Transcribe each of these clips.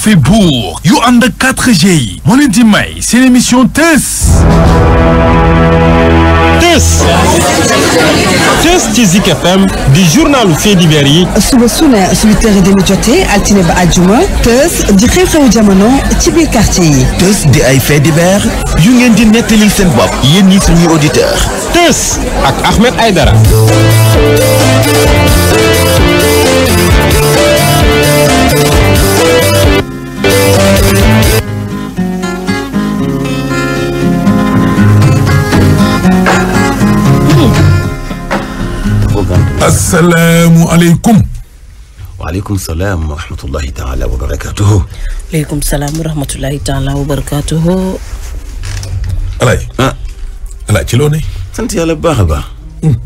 café Bourg yu ànd ak 4 yi moo leen may seen émission Teuss Teuss Teuss ci Zik FM di journalu faits divers yi suba su ne suñu altine ba àjjuma Teuss di xew-xewu jamono ci biir quartier yi ay faits divers yu ngeen di nettalil seen bopp yéen ñi suñuy auditeur Teuss ak Ahmed Aidara asalaamualeykum. waaleykum salaam wa rahmatullahi taala wa barakatuhu. waaleykum salaam wa rahmatullahi taala wa barakatuhu. Alaay. ah. Alaay ci loo ne. sant yàlla bu baax a baax. Hmm.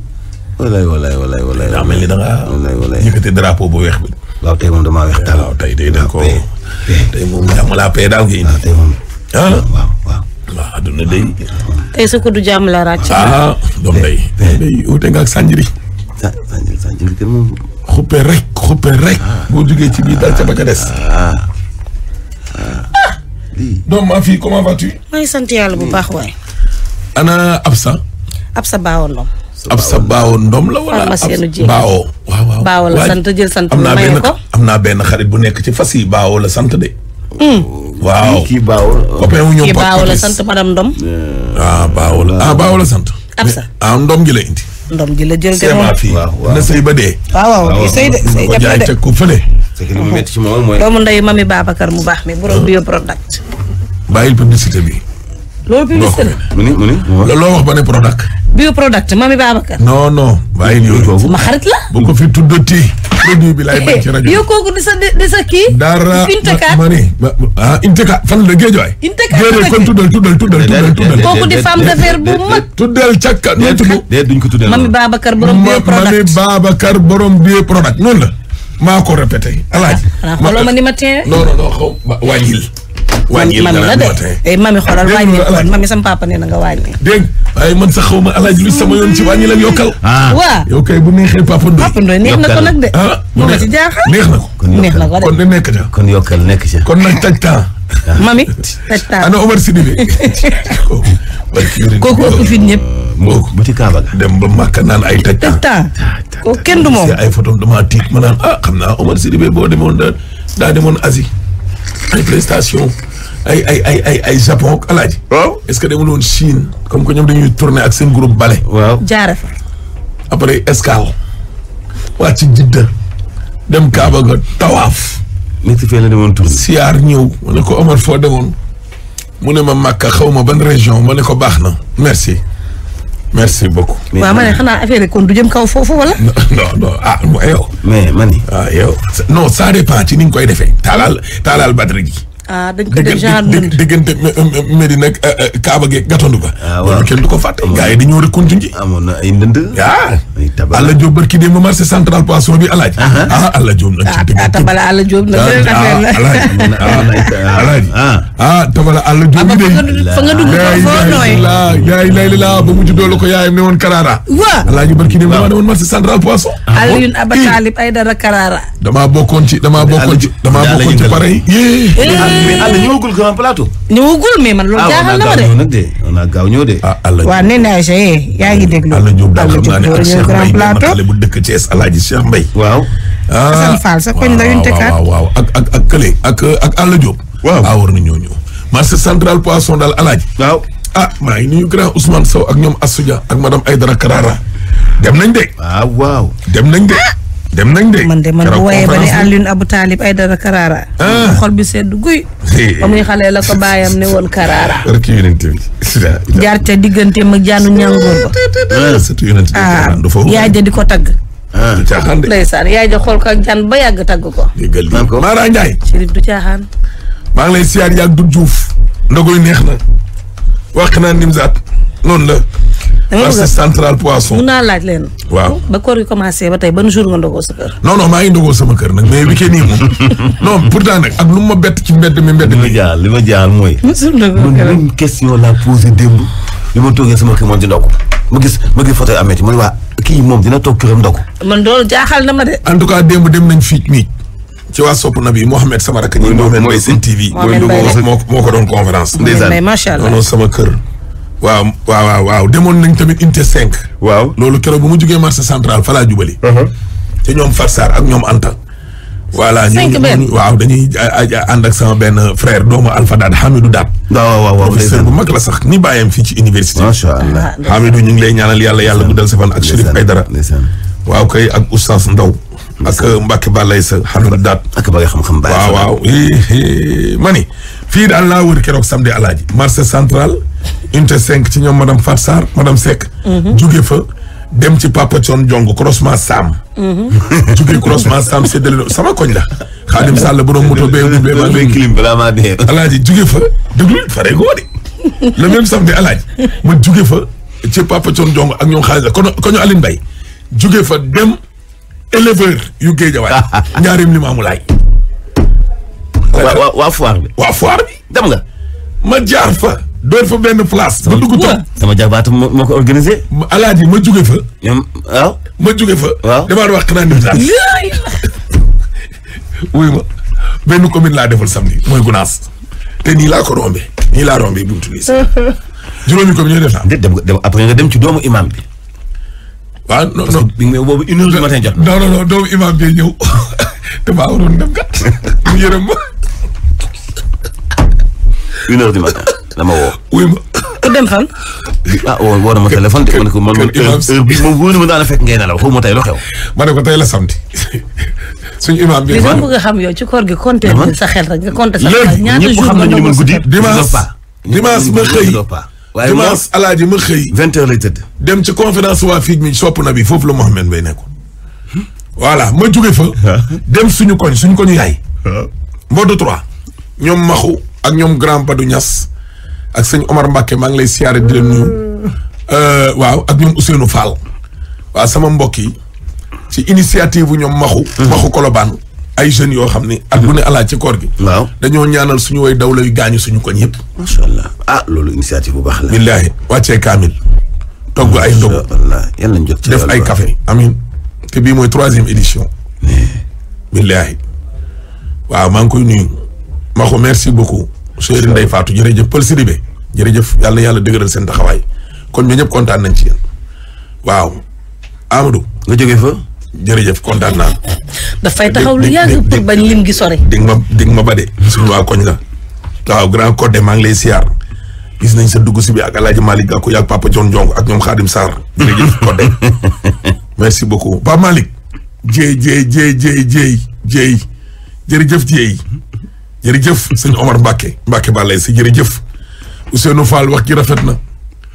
walaay walaay walaay walaay. daa mel ni da ngaa. walaay walaay yëkkati drapeau bu weex bi. waaw tey moom damaa weex taal. waaw tey day da ko tey moom jàmm laa pee daal ngay indi. Ah, ah waaw waaw. waaw adduna day. Ah, tey sa kudu jàmm laa ràcc. ah doom day. day wute nga ak sànjiri. sa Sanjil Sanjil kër xuppe rek xuppe rek. Ah. boo jugee ci biir dal ca ba ca des. Ah. Ah. doom maa comment vas-tu. maa ngi sant yàlla bu baax waay. ana Absa. Absa Baawo Ndom. Absa Baawo Ndom la wala. pharmacienne ji Baawo. waaw waaw Baawo la sant jël am naa benn xarit bu nekk ci fas yi Baawo sant de. Hmm. waaw kii Baawo. copain wu Baawo la sant madame Ndom. Baawo la Baawo la sant. Absa ah Ndom gi la indi. ndam ji la jël. demoon fii na sëy ba dee. waaw waaw sëy de sëy def na de teg ko fële. c'est que li mu métti ci moom mooy. doomu ndeyu mami Babacar mu baax mi borom ah. bio product. bàyyil publicité bi. loolu publicité la. mu ni mu ni loo wax ba ne Prodac. bio Prodac mami Babacar. non non. bàyyi yooyu boobu ma xarit la. bu ko fi tuddati. produit bi laay bañ ci rajo. yow kooku di sa di sa kii. dara ma ma ne ah Inteca fan la géej waay. Inteca la kon tuddal tuddal tuddal tuddal tuddal. kooku di femme d'affaires bu mag. tuddal càkka nu mu tudd. déedéet duñ ko tuddal mami Babacar ko répété. alaaji ah, ma ni ma tee. non non non ma wàññil wàññil dara de eh, mami xoolal wàññil kon mami sama papa nee na nga wàññi. dégg waaye man sax xaw ma alaaj lu sama yoon ci wàññil ak yokkal. Ah. Ah. waaw yow kay bu neexee papa Ndoye. papa Ndoye neex na ko nag de. ah mu ci jaaxal neex na ko. neex na ko de kon ne nekk na. kon yokkal nekk ci. kon nag taj temps. mami taj temps ana Omar Sidibé. kooku ëpp fit ñëpp. moo ko ba ci Kaaba ga dem ba Màkka naan ay taj temps. kooku kenn du moom ay photo dama tiit ma naan ah xam naa Omar Sidibé boo demoon daa demoon Asie ay prestation ay ay ay ay ay Japon ak alaaji. waaw est-ce que demul woon Chine comme que ñoom dañuy tourner ak seen groupe bale. waaw jaare fa. après escale. waa ci Jidda. dem Kaaba ga tawaaf. Mexique la demoon tourner. siyaar ñëw ma ne ko Omar foo demoon. mu ne ma Makka xawma ma ban région ma ne ko baax na merci. merci beaucoup. waaw ma ne xanaa affaire kon du jëm kaw foofu wala. non non ah yow. mais man. ah yow. non ça dépend ci ni nga koy defee. taalal taalal batterie ji. ah dañ ko def genre dëgg diggante Medina eh, eh, Kaaba geeg gàttandu ba. Ah, waaw loolu kenn du ko fàtte. gars yi dañoo reconduit ji. amoon na ay ndënd. ah ay tabala Alla Diop barki démb marché central poisson bi alaaj ah Alla Diop nag. Ah, ah ah tabala Alla Diop nag. ah ah tabala Alla Diop bi de. fa nga dugg foo nooy. yaay lay la ba mujj doole ko yaayam ne woon Karara. waaw Alla Diop barki démb maa ne woon marché central poisson. Ah, Alioune Abatalib Aydara Karara. damaa bokkoon ci damaa bokkoon ci damaa bokkoon ci pare yi. mais àll ñëwagul grand plateau. ñëwagul mais man loolu ah, jaaxal na ma de. nag de on a gaaw ñëw de. ah àll waaw nee naa yaa ngi déglu. àll Diop daal xam naa ne ak Cheikh Mbaye ñoom xale bu dëkk Thiès Alaaji Cheikh Mbaye. waaw. ah Assane Fall sa koñ la yuntekat waaw waaw ak ak ak Kële ak ak àll Diop. waaw ah war na ñoo ñëw. marché central poisson daal Alaaji. waaw ah maa ngi nuyu grand Ousmane Sow ak ñoom Assoudia ak madame Aydara Karara dem nañ de. waaw ah, waaw dem nañ de. Ah, dem nañ de man de man bu wooyee ba ne Alioune Abou Talib Aïdara Karara. Ah. xol bi sedd guy. ba xale la ko bàyyam ne woon Karara. rek jaar ca diggante mag jaanu ñàngoor ba. Ah, surtout yonent bi ah, di ko tagg. ah du caaxaan de ndeysaan yaay ja xool ko ak jaan ba yàgg tagg ko. déggal lii Mara Ndiaye. Chérif du caaxaan. maa ngi lay siyaar yàgg du juuf. ndogoy neex na. wax naa Nimzaat noonu la. marché central poisson. mun naa laaj leen. ba koor gi commencé ba tey ban jour nga ndogoo sa kër. ma bett ci mbedd ma jaal li ma jaal mooy. même question la posé démb. bi ma toogee sama kër moom di ndog de. en tout cas démb dem nañ fii nii. mooy mooy moo ko doon conférence. ndeysaan macha allah sama kër. waaw waaw waaw waaw demoon nañ tamit unité 5. waaw loolu keroog bu mu jugee marché central fa laa jubali. Uh-huh. te ñoom Farsar ak ñoom Anta. voilà ñu waaw dañuy ànd ak sama benn frère doomu Alpha Daat Hamidou Daat. Ah, waaw waaw waaw professeur bu mag la sax ni bàyyeem fii ci université. macha allah ah, Hamidou ñu ngi lay ñaanal yàlla yàlla guddal sa fan ak Chérif Aydara. waaw kay ak Oustaz Ndaw ak euh, Mbacke Balaye sa Hamidou Daat. ak ba nga xam-xam bàyyi. waaw waaw mani fii daal laa wër keroog samedi alaaji marché central. unité 5 ci ñoom madame Fat Sarr madame Seck. Mhm. jóge fa dem ci Papa Thion Jong croisement Sam. Mhm. jóge croisement Sam séddale sama koñ la. Xaadim Sall borom moto bee bu bee ba léegi. clim balaa maa dee. Alaaji jóge fa déglu faree góor yi le même dem li maamu waa waa waa foire dem nga ma jaar fa. door fa benn place. ba dugg toog sama jabaatu moo ko organisé. alaaji ma jóge fa. ñoom waaw. ma jóge wax xanaa benn commune laa defal samedi mooy Gunaas te nii laa ko rombé nii laa rombé buntu bi. juróomi commune ñooy après nga dem ci doomu imam bi. waaw non non bi nga boobu une heure du jot doomu imam bi ñëw te maa waroon dem kat mu yërëm ma. dama woo. wuy ma. ku dem fan. ah woo woo na ma téléphone de ma ne ko man man heure bii moom wóor na ma daana fekk ngay nelaw xaw ma tey lu xew. ma ne ko tey la samedi. suñu imaam bi. li ma bëgg a xam yow ci koor gi compter sa xel rek nga compter sa xel. ñaata jours nga ñëpp xam nañu ne man guddi. dimanche dimanche ma xëy. waaye dimanche alaaji ma xëy. vingt heures lay tëdd. dem ci conférence waa fii mi sopp na bi foofu la Mouhamed Mbaye nekkoon. voilà ma jóge fa. dem suñu koñ suñu koñ yaay. mboolu trois ñoom maxu ak ñoom grand Badou Niass ak sëñ Omar Mbacke maa ngi lay siyaare di leen euh, waaw ak ñoom Ousseynou Fall. waaw sama mbokk yi ci initiative bu ñoom maxu hmm. maxu Colobane ay jeunes yoo xam ne ak lu ne hmm. alaa ci koor gi waaw dañoo ñaanal suñu woy dawla yu gaañu suñu koñ yëpp macha allah ah loolu initiative bu baax billaahi wàccee kaamil togg ay ndog yàlla ñu jot ci def ay café amin te bii mooy troisième édition hmm. billaahi waaw maa ngi koy nuyu maxu merci beaucoup su Serigne Ndeye Fatou jërëjëf Pël Sidibé jërëjëf yàlla na yàlla dëgëral seen taxawaay kon ñu ñëpp kontaan nañ ci yéen waaw Amadou. nga jógee fa. jërëjëf kontaan naa. dafay taxaw lu yàgg pour bañ lim gi sore. di nga ma di nga ma bade. suñu waa koñ la. waaw grand code maa ngi lay siyaar. gis nañ sa dugg si bi ak El Hadj Malick ko ak Papa John Jong ak ñoom Khadim Sarr. jërëjëf code. merci beaucoup Papa jërëjëf jéy. jërëjëf sëñ Omar Mbacke Mbacke Balaye si jërëjëf Ousseynou Fall wax ji rafet na.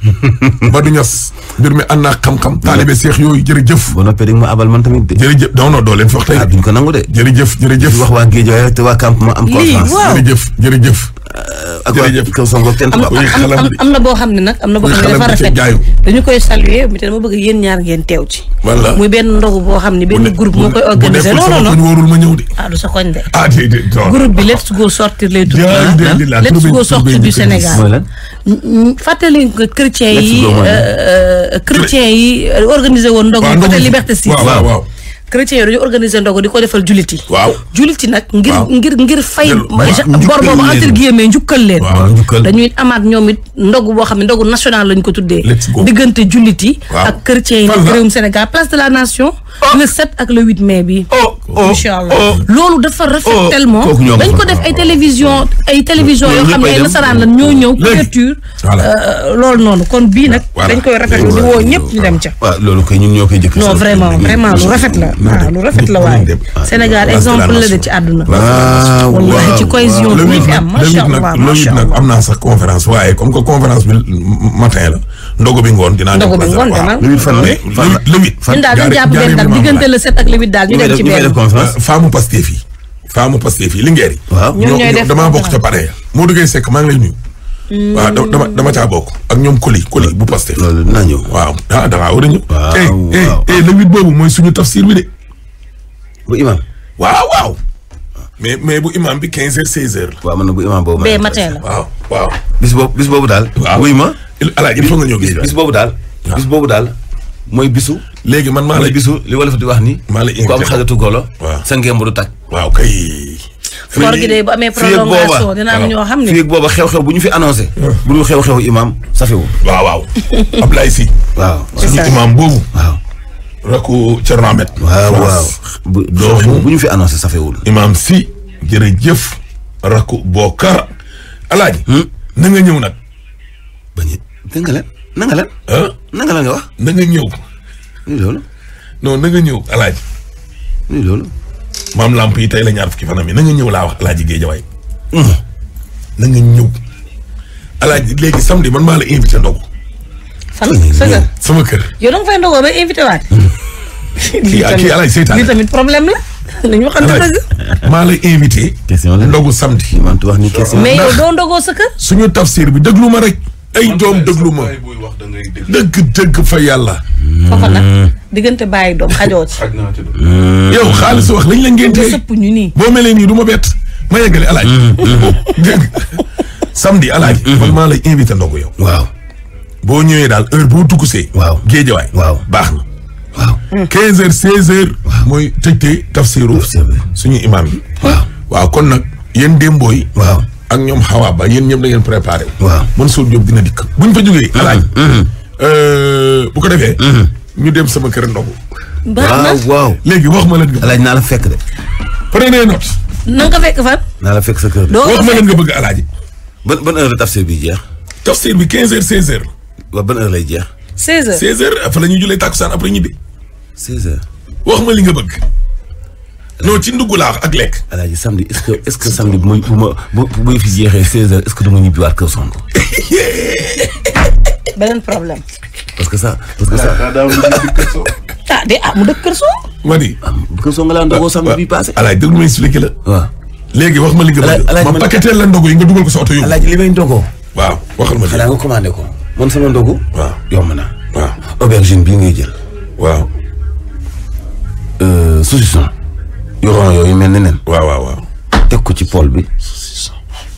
du ñas mbir mi ànd naa xam-xam. taalibe seex yooyu jërëjëf. bu noppee di ma abal man tamit de. jërëjëf non non doo leen fi wax tey. ah duñ ko nangu de. jërëjëf jërëjëf. wax waa Géejawaay te waa campement am. lii waaw jërëjëf jërëjëf. Euh, ak waa am na boo xam ne nag am na boo xam ne dafa rafet dañu koy saluer mi te dama bëgg yéen ñaar ngeen teew ci muy benn ndogu boo xam ne benn groupe moo koy organiser non non ma ñëw de ah du sa koñ de ah déedéet groupe bi let's go sortir les tout let's go sortir du Sénégal fàttali nga yi euh, euh, chrétiens yi organiser woon ndogu côté liberté si waaw waaw chrétien dañu organiser ndogu di ko defal jullit yi. nag. ngir ngir fay. bor boobu entre guillemets njukkal leen. dañuy amaat ñoom it boo xam ne ndogu national lañ ko tuddee. diggante jullit yi. ak chrétien yi réewum Sénégal place de la nation. Oh. le 7 ak le 8 mai bi. Oh. Oh, incha allah oh. loolu dafa rafet oh, tellement dañ ko def ay télévision ay télévision yoo xam ne ay nasaraan la ñoo ñëw euh, loolu noonu kon bii nag dañ koy rafet la ah, waaye Sénégal exemple la de ci àdduna waaw wallahi ci cohésion bi fi am macha allah macha allah nag am naa sax conférence waaye comme bi matin la ndogo bi ngoon dinaa ndogo bi ngoon le huit fan la le huit fan la ñun daal ñu jàpp benn daal diggante le sept ak le huit daal ñu dem ci conférence faamu Pastef yi faamu Pastef yi Linguère yi. waaw ñoo damaa bokk ca pare ya. moo duggee Seck maa ngi lay hmm. waaw dama dama caa bokk. ak ñoom Koli Koli bu Pastef. loolu dinaa ñëw waaw ah da ngaa war a ñëw. waaw eh, eh, waaw eh boobu mooy suñu tafsir bi de. bu imam. waaw waaw. mais mais bu imam bi quinze heures seize heures la. waaw man bu imam boobu. bis boobu daal. waaw ma. alaaji il boobu daal. bis boobu daal mooy bisu léegi man maa la bisu li wolof di wax ni. maa lay ko waaw sa ngemb du tàkk. waaw kay. koor gi xam ne. fii booba xew-xew bu ñu fi annoncé. Ah. bu dul xew-xew imaam safewu. waaw waaw. Ablaye si. waaw suñu imaam boobu. waaw. rakku Thierno Ahmed. waaw waaw. bu ñu fi annoncé safewul. imaam si jërëjëf. rakku Bokar. Alaaji. Hmm? na nga ñëw nag. bañ a dégg nga ah? lan na wax. na ñëw. loolu. non na nga ñëw alaaji. loolu. maam làmp yi tey la ñaar fukki fanam yi na nga ñëw laa wax alaaji Géejawaay. Mm. na nga ñëw. alaaji léegi samedi man maa la invité ndogu. fan sa kër sama kër. yow da nga fay ndogoo ba invité waat. Mm. lii kii ah, alaaji seytaan lii tamit problème la. nañu waxante dëgg. maa lay invité. question la ndogu samedi. man tu wax ni question mais yow doo ndogoo sa kër. suñu tafsir bi déglu ma rek. ay doom déglu ma dëgg dëgg fa yàlla. foofa nag hmm. diggante bàyyi doom xajoo ci. Hmm. yow xaalis wax lañ la ngéntee ñu nii. boo melee nii duma ma bett ma yeggale alaaj hmm. dégg samedi alaaj man maa lay invité ndogu yow. waaw boo ñëwee daal heure boo dugusee. waaw géejawaay. waaw baax na. waaw 15 heures 16 heures. waaw mooy tëjtee tafsiru. suñu imaam bi. waaw waaw kon nag yéen démbooy. waaw. ak ñoom xawaa ba yéen ñëpp da ngeen préparé. waaw Mansour Diop dina dikk buñ fa jugee. alaaj mm-hmm. mm-hmm. euh, bu ko defee. Mm-hmm. ñu dem sama kër ndogu. waaw waaw léegi wax ma leen. alaaj naa la fekk de. prenez note. na ko fekk fan. naa la fekk sa kër de. wax ma leen nga bëgg alaaji. ban ban heure la tafsir bi jeex. tafsir bi 15 heures 16 heures. waaw ban heure lay jeex. 16 heures 16 heures fa la ñuy jullee tàkkusaan après ñibbi. 16 heures. wax ma li nga bëgg. non ci ndugg laa wax ak lekk. alaaji samedi est-ce que est-ce que samedi bu ma bu ma bu fi jeexee seize heures est-ce que du ma ñibbiwaat kër Sonko. beneen problème. parce que ça parce que ça. ah de ah mu dëkk kër Sonko. ma di. Ah, kër Sonko laa ndogoo samedi bii passé. alaaj dëgg ma expliqué la. waaw léegi wax ma li nga. alaaj ma paqueteel la ndogu yi nga dugal ko sa oto yóbbu. alaaj li may ndogoo. waaw waxal ma xanaa nga commandé ko. man sama ndogu. waaw yomb na. waaw aubergine bii ngay jël. waaw. Euh, saucisson. yu yooyu mel ni nen. waaw waaw teg ko ci pool bi.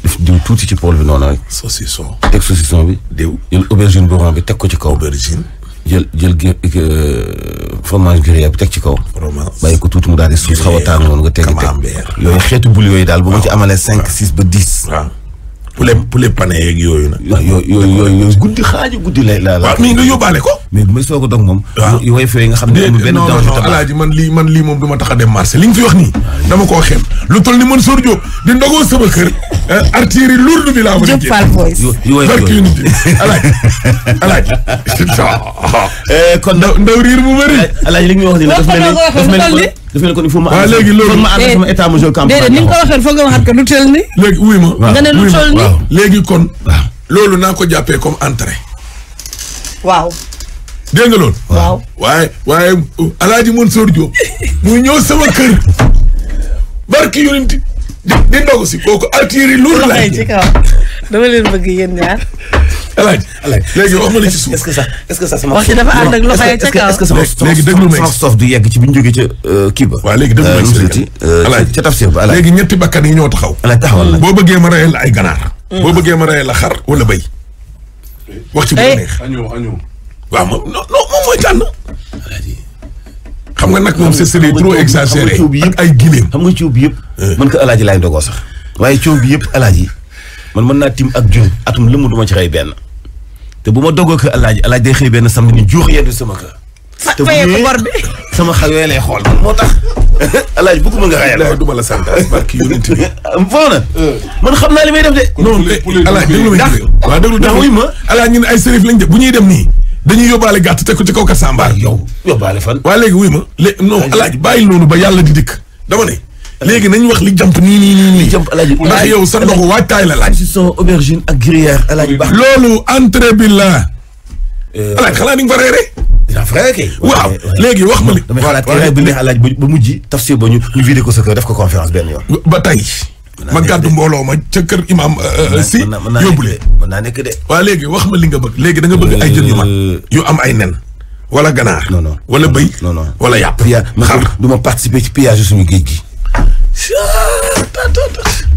def diw tuuti ci pool bi noonu rek. saucisson teg saucisson bi. diw jël aubergine boron bi teg ko ci kaw. aubergine. jël jël fromage gruyère bi teg ci kaw. fromage bàyyi ko tuuti mu daal di suuf xaw a taal noonu nga teg teg. yooyu xeetu bul yooyu daal bu ma ci amalee cinq ba dix. poulet poulet pané yeeg yooyu nag. yooyu yooyu yooyu guddi xaaju guddi la la. waaw mais nga yóbbaale ko. mais bu ma soog a dog moom. Ah. nga xam ne amul benn. alaaji man lii man lii moom du ma tax a dem marché li nga fi wax nii. dama koo xem lu toll ni man Sor Diop di ndogoo sama kër. Ah, artillerie lourde bi laa ma. jëpp Fall Boys yooyu yooyu alaaji alaaji. Eh, kon ndaw riir bu bëri. alaaji li nga wax nii daf mel ni daf mel dafa ne kon il faut ma. waaw ma ànd eh, sama état major campagne. déedéet ni nga ko ma waaw léegi kon. waaw loolu naa ko jàppee comme entrée. waaw. dégg loolu. waaw waaye waaye El euh, Hadj Mansour Diop. muy ñëw sama kër. barki yonent di ndogu kooku altiri loolu laa dama leen bëgg yéen ñaar. alaaj alaaj léegi wax ma a ci suuf est-ce que sax est-ce que sax sama. wax ci dafa ànd ak loxo ya ca kaw est-ce que sama léegi déglu ma sama stof du yegg ci euh, ba. waaw léegi déglu ma ci euh, euh, alaaj léegi ñetti bakkan yi ñoo taxaw. boo bëggee ma rayal la ay ganaar. Mm. boo bëggee ma rayal la xar wala béy. wax ci moom eh. non non moom mooy tànn. xam nga nag moom c'est trop exagéré ak ay gileem. xam nga coow bi yëpp. Eh. mën ko alaaji laay dogoo sax waaye coow bi yëpp alaaji man mën naa tim ak jun atum lëmm du ma ci xëy benn te bu ma doggoo ko alaaji alaaji day xëy benn samedi ni juux yendu sama kër. te bu bor bi sama xaw yooyu lay xool moo tax alaaji bëgguma nga xayal. alaaji du ma la sant barki yonent bi foo man xam naa li may def de. non alaaji déglu ma ñu waaw déglu lañ def bu ñuy dem nii dañuy yóbbaale gàtt teg ko ci kaw ka sambaar yow yóbbaale fan waa ma lé non bàyyi noonu ba yàlla di dikk dama ne léegi nañu wax li jàmp nii nii nii nii. jàmp alaaji ndax yow sa ndogu waajtaay la laaj. saucisson aubergine ak gruyère alaaji baax. loolu entrée bi la. Euh, alaaji xanaa ni nga fa reere. dinaa fa waaw léegi wax ma li. damay xalaat kii rek bu neex alaaji ba mujj ba ñu ñu ko sa kër def ko conférence benn yoon. ba tey. ma gàddu mbooloo ma ca kër imaam euh, euh, si yóbbulee mën naa nekk de waaw wax ma li nga bëgg léegi da nga bëgg ay jën yu mag yu am ay nen wala ganaar wala bëy wala yàpp xar du ma participer ci pillage suñu géej gi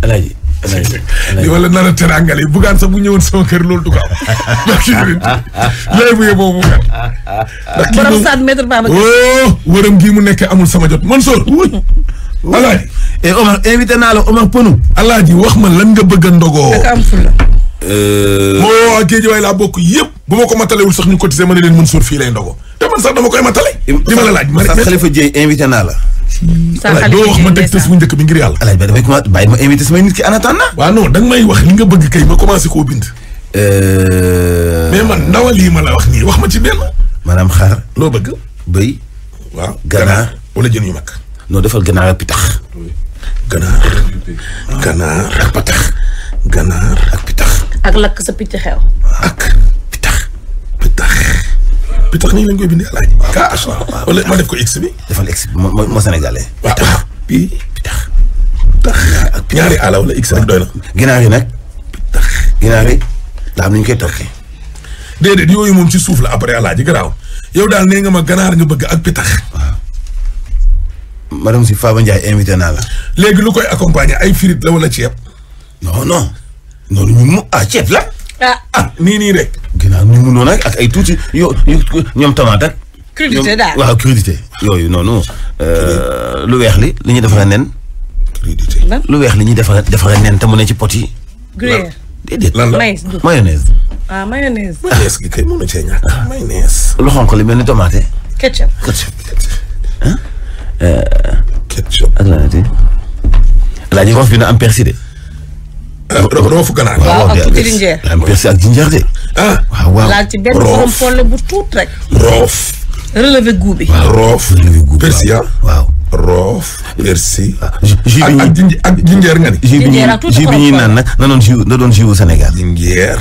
alaaji alaaji li wala nar a teraangal yi bugaan sax bu ñëwoon sama kër loolu du ko am ndax kii bi lay bu yeboo bugaan ndax kii borom saat maître Baba oh wërëm gii mu nekk amul sama jot Mansour alaaji et eh, Omar invité naa la Omar Ponou alaaji wax ma lan nga bëgg a ndogoo Euh, moo géejewaay laa bokk yëpp bu ma ko matalewul sax ñu cotiser ma ne leen mën suur fii lay ndogo te man sax koy matale. li ma la laaj ma ne Khalifa Dieye invité naa la. saa doo wax ma dëgg te njëkk bi ngir yàlla. alaaj ba damay commencé bàyyi ma invité samay nit ki en attendant. waaw non danga may wax li nga bëgg euh, ma la wax wax ma ci benn. maanaam xar. loo bëgg. bëy. waaw ganaar wala jën yu mag. non defal ganaar ak pitax. ganaar ak pitax. ak lakk sa picc xew. ak pitax pitax nii lañ koy bindi alaaj. waaw ma def ko x bi. defal x bi moo moo sénégalais. waaw pitax ak ñaari ala wala x rek doy na. ginaar nag. pitax ginaar yi daa am ñu koy toppee. déedéet yooyu moom si suuf la après alaaji garaaw yow daal nee nga ma ganaar nga bëgg ak pitax. madame si Faba Ndiaye invité naa la. léegi lu koy accompagne ay firit la wala ceeb. non non. noonu ñun mu ah ceeb la. Ah. ah nii nii rek. ginnaaw ñu munoon ak ak ay tuuti yo ñoom tomate ak. crudité daal waaw crudité. yooyu noonu euh, lu weex li li ñuy defaree nen. crudité lu weex li ñuy defaree defaree nen te ne ci pot la mayonnaise. ah mayonnaise. mayonnaise gi kay mën na ah. lu xonq li mel ni tomate. ketchup ketchup. ketchup euh, ak laa nekk bi na am persil de. roofu ganaar. waaw ak tuuti jinjeer am persil ak jinjeer de. ah waaw waaw laal ci benn borom polle bu tuut rek. roof. relevé goût bi. waaw roof relevé goût bi persil waaw. roof persil. Ah, jus bi ak ak jinjeer nga ni. jinjeer ak tuuti jus bi ñuy naan nag na doon jus na doon jus wu Sénégal. jinjeer.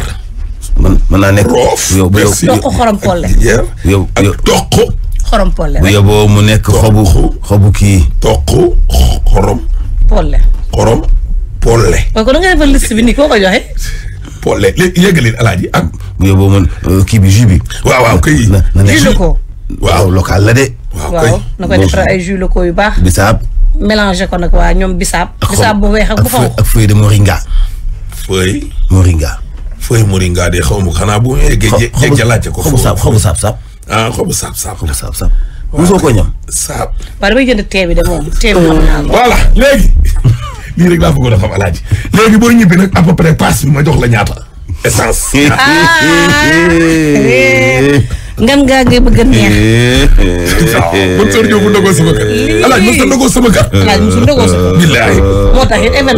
man mën naa nekk. roof persil yow toq xorom polle. jinjeer yow ak toq. xorom polle bu yóbboo mu nekk xobu. xobu kii. toq xorom. polle xorom. Polle. waaw kon da nga defal liste bi nii koo ko joxe. Polle léegi yëgalil alaaji ak. bu man euh, kii bi waaw waaw la de. waaw na ko defar ay jus locaux yu baax. bisaab. mélangé ko nag waa ñoom bisaab. bisaab bu weex ak bu xonq ak feuille de moringa. feuille. moringa. feuille moringa de xaw ma xanaa bu. xaw ma laajte ko xaw ma xaw ma saab saab. ah xobu saab saab. xobu saab saab. mosoo ko ñam. saab. waaw damay jënd tee bi de moom tee xam naa ko. léegi. lii rek laa bëggoon a xam alaaji léegi boo ñibbi nag à peu près paas bi ma jox la ñaata essence. ngam eh. ngaa ngay bëgg a neex. sama a ndogoo sama kër. a ndogoo sama kër. moo tax it naa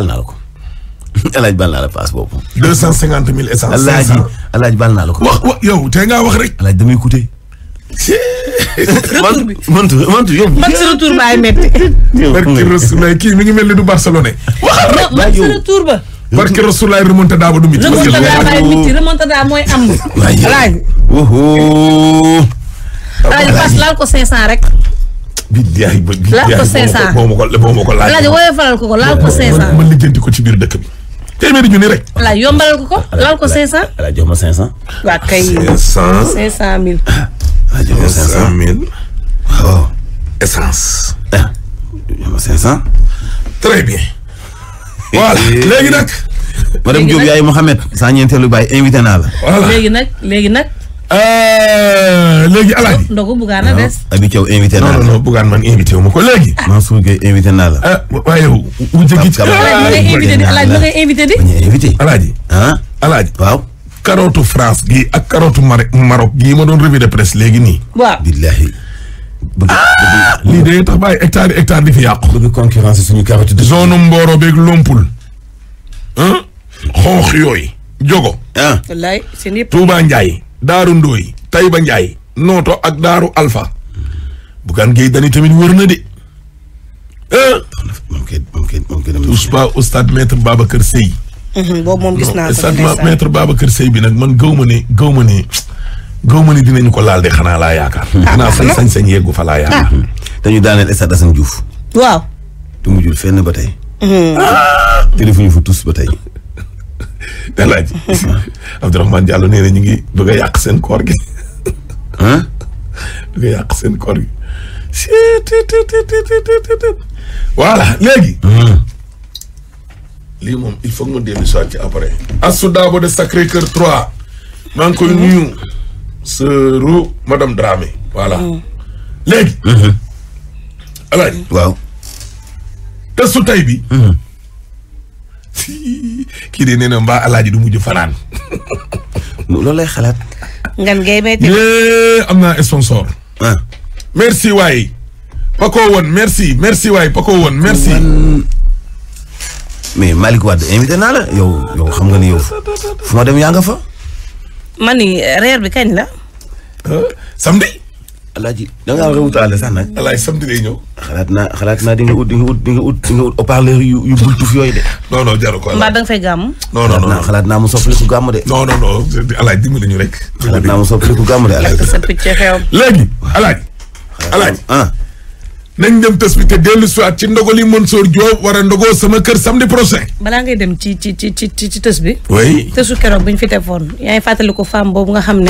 la ko. alaaj bal naa la paas boobu. deux cent cinquante mille essence. alaaji alaaji bal naa la ko. wax wax yow tey ngaa wax rek. alaaj damay coûté. retour bi man man yow. man sa retour ba ay métti. barki kii mi ngi mel ni du Barcelone. waxal rek man sa retour ba. barki Rasulaay remontada ba du miti. remontada ba miti remontada mooy am. alaaj alaaj pass laal ko 500 rek. billahi ba laal ko 500 boo ma ko boo ma ko laaj. alaaj wooyee faral ko ko laal ko 500. man lijjanti ko ci biir dëkk bi. téeméeri junni rek. alaaj yombalal ko ko laal ko 500. alaaj jox ma 500. waa kay 500 500 mille. jël cinq cent mille waaw essence eh, jël eh. nag madame Diop yaay Mohamed saa ñeenteelu léegi nag léegi nag euh, léegi alaaji ndogu bugaan des abi Thiaw invité naa la bugaan man invité wu ma ko léegi Mansour Gueye invité naa la euh, waaye wu jëgi ci alaaji ma ngay invité di alaaji ah? alaaji waaw karootu France gi ak karootu Maroc gii ma doon revue de presse léegi nii. waaw billahi. Ah! lii de tax bàyyi hectare hectare di fi yàqu. bëgg concurrence suñu carotte de. zone Mboro beeg Lompul. xonq yooyu. Jogo. Ah. wallaay seen yëpp. Touba Ndiaye. Daaru Ndooy. Taïba Ndiaye. Nooto ak Daaru alfa Bougane Gueye Dany tamit wër na de. moom kay moom kay moom kay. Oustaz maître Babacar Seye. Mhm, boobu moom gis naa ko exactement maître Babacar Seye bi nag man gëw ma ne gëw ma ne gëw ma ne dinañu ko laal de xanaa laa yaakaar. Ah, xanaa sañ sañ sañ yeggu fa laa yaakaar. Ah. Mhm. dañu daaneel stade Assane Diouf. waaw. du mujjul fenn ba tey. Mhm. Ah. téléphone fu tous ba tey. da laaj. Abdourahmane Diallo nee na ñu ngi bëgg a yàq seen koor gi. bëgg a yàq seen koor gi. voilà léegi. lii moom il faut que ma dellu soit ci après. Assou Dabo de Sacré Cœur 3. maa ngi koy nuyu. sëru madame Dramé. voilà mm. léegi. Mm-hmm. Alaaji. waaw. te su tey bi. Mm-hmm. kii de nee na mbaa du mujj fanaan. loolu lay xalaat. ngan ngay may tey. am naa sponsor. Ah. merci waay. Pako merci merci waay Pako merci. mais Malick Wade invité naa la yow yow xam nga ni yow fu ma dem yaa nga fa. ma ni euh, reer bi kañ la. Euh, samedi. alaaji da ngaa war wut wutaale sax nag. alaaji samedi lay ñëw. xalaat naa xalaat naa di nga ut di nga ut di ut di ut haut-parleur yu yu bultuf yooyu de. non non jaru ko alaaji. mbaa da nga fay gàmm. non non xalaat naa mu soppaliku gàmm de. non non non alaaji ñu rek. xalaat naa mu soppaliku gàmm de alaaji. léegi alaaji alaaji ah. nañ dem tës bi te dellu soit ci ndogali Mansour Diop war a ndogoo sama kër samedi prochain. balaa ngay dem ci ci ci ci ci tës bi. oui tësu keroog bi ñu fi defoon yaa ngi fàttali ko femme boobu nga xam ne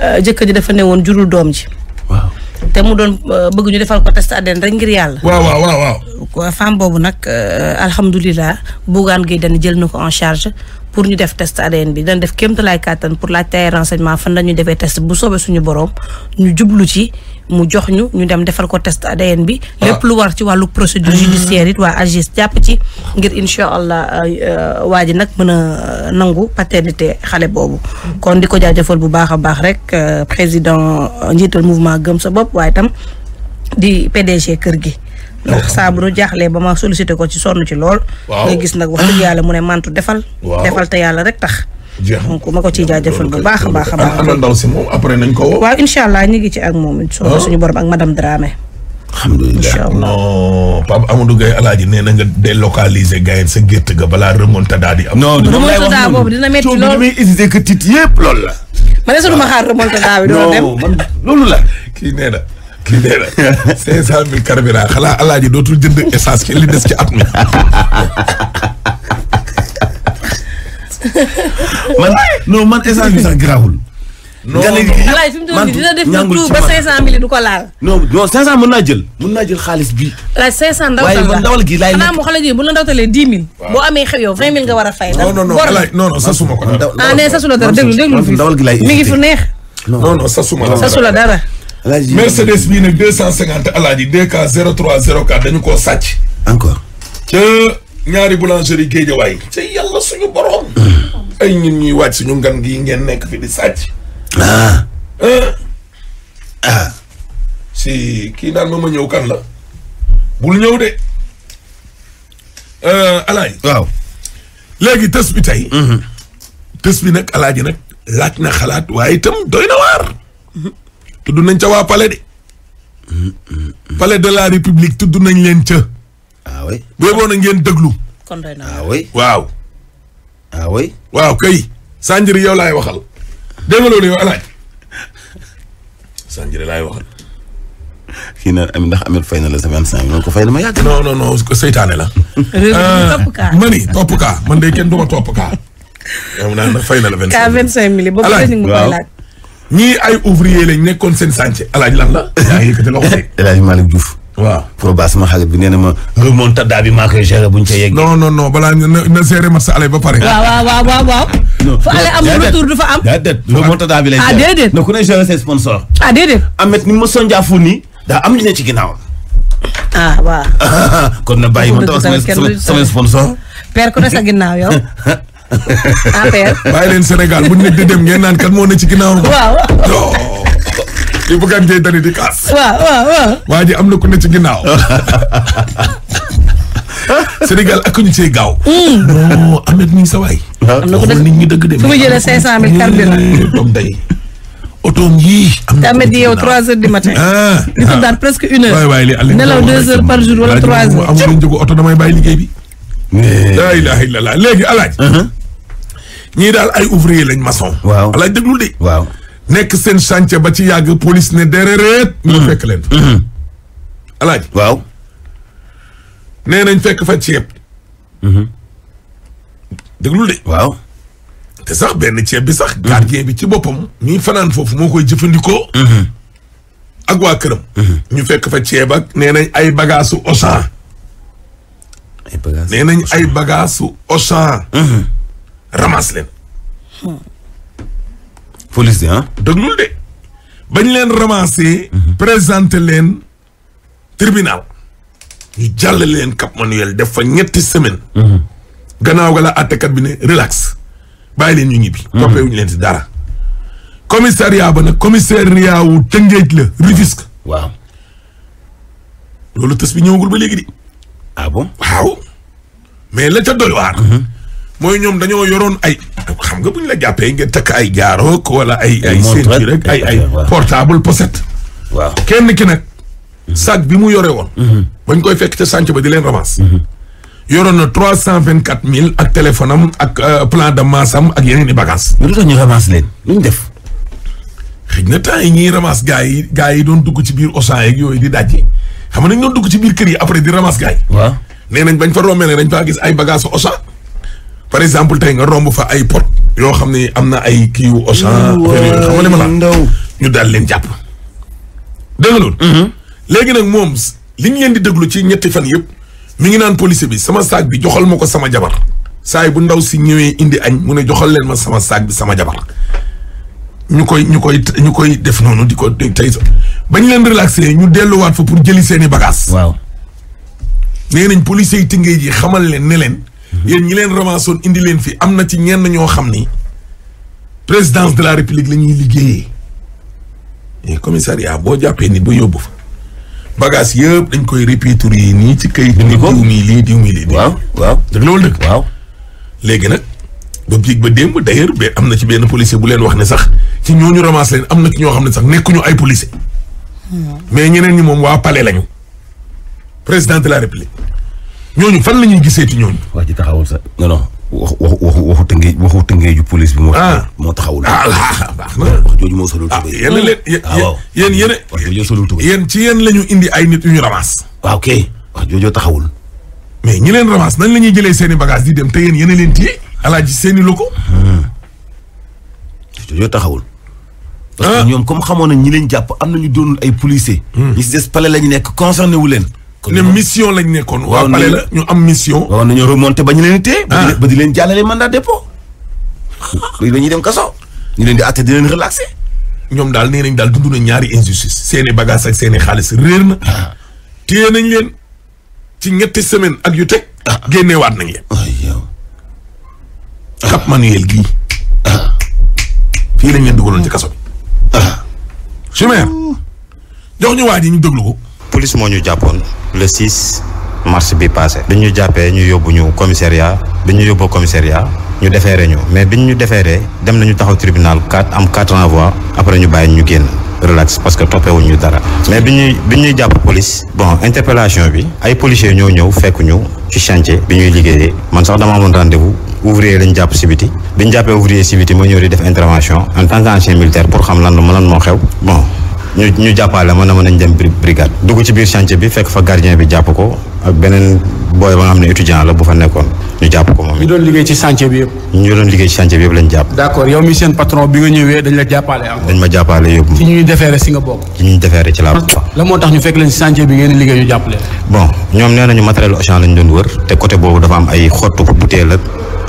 euh, jëkkër ji dafa ne woon jurul doom ji. waaw te mu doon euh, bëgg ñu defal ko test ADN rek ngir yàlla. waaw waaw waaw waaw. femme boobu nag euh, alhamdulilah Bougane gi Dany jël na ko en charge pour ñu def test ADN bi dañ def kéemtalaay kàttan pour laajte ay renseignement fan la ñuy defee test bu soobee suñu borom ñu jublu ci. mu jox ñu ñu dem defal ko test ADN bi. Ah. lépp lu war ci wàllu procédure mm-hmm. judiciaire it waa AGIS jàpp ci ngir incha allah euh, euh, waa ji nag mën a euh, nangu paternité xale boobu. Mm-hmm. kon di ko jaajëfal bu baax a baax rek président njiital mouvement gëm sa bopp waaye tam di PDG kër gi. ndax saa bu nu jaaxlee ba ma sollicité ko ci sonn ci lool. nga gis nag wax dëgg yàlla mu ne mantu defal. defal te yàlla rek tax. donc ma ko ciy jaajëfal bu baax a baax a baax. ana ndaw si moom après nañ ko woo. waaw incha allah ñu ngi ci ak moom. Ah. suñu borom ak madame Dramé. alhamdulilah non Pape Amadou Gueye alaaji nee na nga délocaliser gars sa gétt ga balaa remontada di am. non remontada boobu dina métti lool muy utiliser yëpp loolu la. ma ne ma xaar remontada bi loolu la kii nee na kii nee na cinq cent mille carburant xalaa alaaji dootul jënd essence ki li des ci at mi man non man essence bi sax garaawul. non non alaay fi mu toll nii dina def tout ba 500000 du ko laal. non non 500 naa jël. mën naa jël bi. alaay 500 ndawtal la la a fay. non non non alaay ko dara. ah nee sasula dara déglu déglu ndawal gi laay mi ngi fu neex. non non sasuma la sasula dara. alaaji Mercedes bii nag 250 dañu koo sàcc. encore. ñaari boulangerie géejawaay te yàlla suñu borom. ay ñun ñuy waaj suñu ngan gi ngeen nekk fi di sàcc. ah. ah. si kii naan ma ma ñëw kan la. bul ñëw de. Euh, alaay waaw. léegi tës bi tey. Mm-hmm. bi nag alaaji nag laaj na xalaat waaye itam doy na waar. tudd nañ ca waa palais de. Mm-hmm. palais de la république tudd nañ leen ca. ah oui boobu nag ngeen déglu. kon day naa ah waaw. Ah waaw kay. Sanjiri yow laay waxal. dégg nga loolu yow alaaj Sanjiri laay waxal. kii naan am ndax Amir fay na la sa vingt cinq mille ko fay na ma yàgg. non non non seytaane la. Euh, topp kaa mani topp kaa man de kenn du ma topp kaa. yow fay na la vingt cinq mili kaa vingt cinq mille boobu la ñu ma laaj. ñii ay ouvrier lañ nekkoon seen chantier alaaj lan la. yaa ngi yëkkati loxo de. El Hadj Malick waaw Proba sama xarit bi nee na ma remontada bi maa bu ñu koy yeggee. non non balaa na seere ma sa ale ba pare. waaw waaw waaw waaw. non fa ale amul retour du fa am. déedéet remontada bi lay. ah déedéet ne ku ne gérer ses ah, ni ma sonjaafu nii. daa am ñu ne ci ginnaawam. ah waaw. kon na bàyyi ma taw sama sama sponsor. père ku ne sa ginnaaw yow. ah leen Sénégal bu ñu ne di dem kan moo ci ginnaawam. waaw. li Bougane Gueye Dany di kaas. waaw waaw waaw. waa am na ku ne ci ginnaaw. Sénégal ak ñu cee gaaw. Hmm. non Ameth mi sa waay. Ah. am na ku ne nit ñi dëgg de. matin. Ah, di ko daal li Aliou nelaw deux alaaj uh-huh. ñii daal ay ouvrier lañ maçon. waaw alaaj déglu de. nekk seen chantier ba ci yàgg polis ne déréreet ñu mm-hmm. fekk leen mm-hmm. alaaji waaw nee nañ fekk fa ceeb mm-hmm. déglul de waaw te sax benn ceeb bi sax gardien bi ci boppam ñuy fanaan foofu moo koy jëfandikoo ak waa këram ñu fekk fa ceeb ak nee nañ ay bagaasu Auchan nee nañ ay bagaasu Auchan ramas leen hmm. police de ah. déglul de bañ leen ramasser. Mhm. présenter leen tribunal. ñu jàll leen Cap Manuel def fa ñetti semaine mhm. gannaaw ga la àttekat bi ne relax bàyyi leen ñu ñibbi. Mhm. toppee ñu leen si dara. commissariat ba nag commissariat wu Tëngéej la Rufisque. waaw loolu tës bi ñëwagul ba léegi di. ah bon waaw mais la ca doy mooy ñoom dañoo yoroon ay xam nga bu la jàppee nga takk ay jaaroo wala ay ay ceinture rek ay ay portable pochette waaw kenn ki nag mhm. sac bi mu yore woon mhm. bañ koy fekk ca sànc ba di leen ramas mhm. yoroon na trois cent vingt quatre mille ak téléphone am ak euh, plan de maasam ak yeneen i bagages lu tax ñu ramas leen lu ñu def xëy na temps yi ñuy ramas gars yi gars yi doon dugg ci biir Auchan yeeg yooyu di dajji xam nga dañ doon dugg ci biir kër yi après di ramas gars yi waaw nee nañ bañ fa rommee ne dañ faa gis ay bagages Auchan par exemple tey nga romb fa ay pot yoo xam ne am na ay kii yu Auchan xam nga li ma la ñu daal leen jàpp dégg loolu mm-hmm. léegi nag moom li ñu leen di déglu ci ñetti fan yëpp mu ngi naan police bi sama saak bi joxal ma ko sama jabar saay bu ndaw si ñëwee indi añ mu ne joxal leen ma sama saag bi sama jabar ñu koy ñu koy ñu koy def noonu di ko tey bañ leen relaxé ñu delluwaat fa pour jëli seen i bagages waaw nee nañ policiers yi tëngéej ji xamal leen ne leen yéen ñi leen ramassoon indi leen fi am na ci ñenn ñoo xam ni présidence de la république la ñuy liggéeyee et commissariat boo jàppee nit ba yóbbu fa bagage yëpp dañ koy répéter yi nii ci kayit. dindi ko diw mii lii diw mii lii. waaw waaw dëgg loolu dëgg. waaw léegi nag ba biig ba démb d'ailleurs ba am na ci benn policier bu leen wax ne sax ci ñooñu ramasse leen am na ci ñoo xam ne sax nekkuñu ay policier hmm. mais ñeneen ñi moom waa palais lañu président de la république. ñooñu fan la ñuy ti ñooñu. waa ji taxawul sax non non wax wax waxu waxu tëngee tëngee ju police bi. moo ah. moo taxawul. Ah, ah, ah baax na wax moo solul tuba a leen yéen yéen wax jooju ci yéen la indi ay nit yu ñu ramasse. waaw kay wax joojoo taxawul. mais ñi leen ramasse nañ la ñuy jëlee seen i bagages di dem te yéen yéen a leen téye alaaji seen i loko. Hmm. joojoo taxawul. parce que ñoom comme xamoon na ñi leen jàpp am nañu ñu doonul ay policiers. Hmm. ñi si des pale la ñu nekk concerné wu leen. ne mission lañ nekkoon. waaw pale la ñu am mission. waaw nañoo remonté ba ñu leen téye. Ah. ba di leen jàllale mandat dépôt. léegi dañuy dem kaso. ñu leen di àtte di leen relaxé. ñoom daal nee nañ daal dund na ñaari injustice seeni bagage ak seeni xaalis réer na. Ah. téye nañ leen ci ñetti semaine ak yu teg. Ah. génneewaat nañ leen. yow. Cap Manuel gii. fii lañ leen dugaloon ci kaso bi. Chimère jox ñu waa ji ñu déglu ko. police moo ñu jàppoon le 6 mars bi passé bi ñu jàppee ñu yóbbu ñu commissariat bi ñu yóbboo commissaria ñu defeere ñu mais bi ñu defeeree dem nañu taxaw tribunal 4 am 4 renvoi après ñu bàyyi ñu génn relax parce que toppewuñu dara mais bi ñuy ñuy jàpp police bon interpellation bi ay policiers ñoo ñëw fekk ñu ci chantier bi ñuy liggéeyee man sax dama amoon rendez-vous ouvrier lañ jàpp si biti bi ñu jàppee ouvrier si biti ma ñëw di def intervention en tant qu'ancien militaire pour xam lan lan moo xew bon ñu ñu jàppale ma ne ma nañ dem brigade dugg ci biir chantier bi fekk fa gardien bi jàpp ko ak beneen booy ba nga xam ne étudiant la bu fa nekkoon ñu jàpp ko moom ñu doon liggéey ci chantier bi yëpp ñu doon jàpp mi seen patron bi nga ñëwee dañ la ñuy defeere si nga bokk ci ñuy defeere ci laa bokk ñu fekk leen ci ngeen liggéey ñu jàppale bon ñoom nee nañu matériel Auchan lañ doon wër te côté boobu dafa am ay xottu butéel ak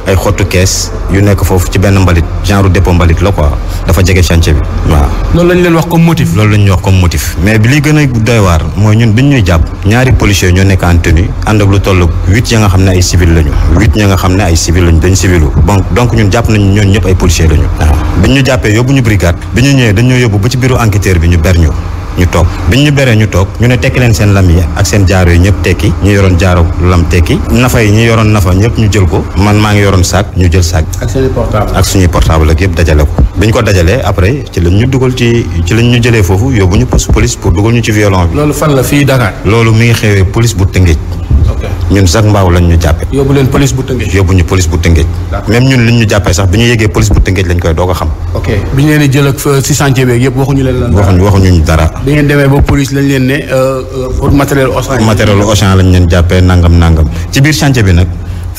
ay xottu kees yu nekk foofu ci benn mbalit genre dépôt mbalit la quoi dafa jege chantier bi waaw. loolu lañ leen wax comme motif. loolu lañ wax comme motif mais bi li gën a doy waar mooy ñun biñ ñuy jàpp ñaari policiers ñoo nekk en tenue ànd lu toll huit ya nga xam ne ay civil lañu huit ya nga xam ne ay civil lañu dañ civilu bon donc ñun jàpp nañ ñoon ñëpp ay policiers lañu. waaw biñ ñu jàppee yóbbu ñu brigade bi ñu ñëwee dañ ñoo yóbbu ba ci bureau enquêteur bi ñu ber ñu ñu toog biñ ñu beree ñu toog ñu ne tekki leen seen lam yi ak seen jaaro yi ñëpp tekki ñu yoroon jaaro lam tekki nafa yi ñu yoroon nafa ñëpp ñu jël ko man maa ngi yoroon sac ñu jël sac ak suñuy portable ak suñuy portable ak yëpp dajale ko biñ ko dajalee après ci lañ ñu dugal ci ci lañ ñu jëlee foofu yóbbu ñu poste police pour dugal ñu ci violon bi loolu fan la fii Dakar loolu mi ngi xewee police bu Tëngéej ñun sax mbaaw lañ jàppee. yóbbu ñu police bu tëngéej. même ñun liñ jàppee sax bi ñu yégee police bu tëngéej lañ bi ngeen demee ba police lañ leen ne euh, euh, pour matériel Auchan. matériel Auchan lañ leen jàppee nangam nangam ci biir chantier bi nag.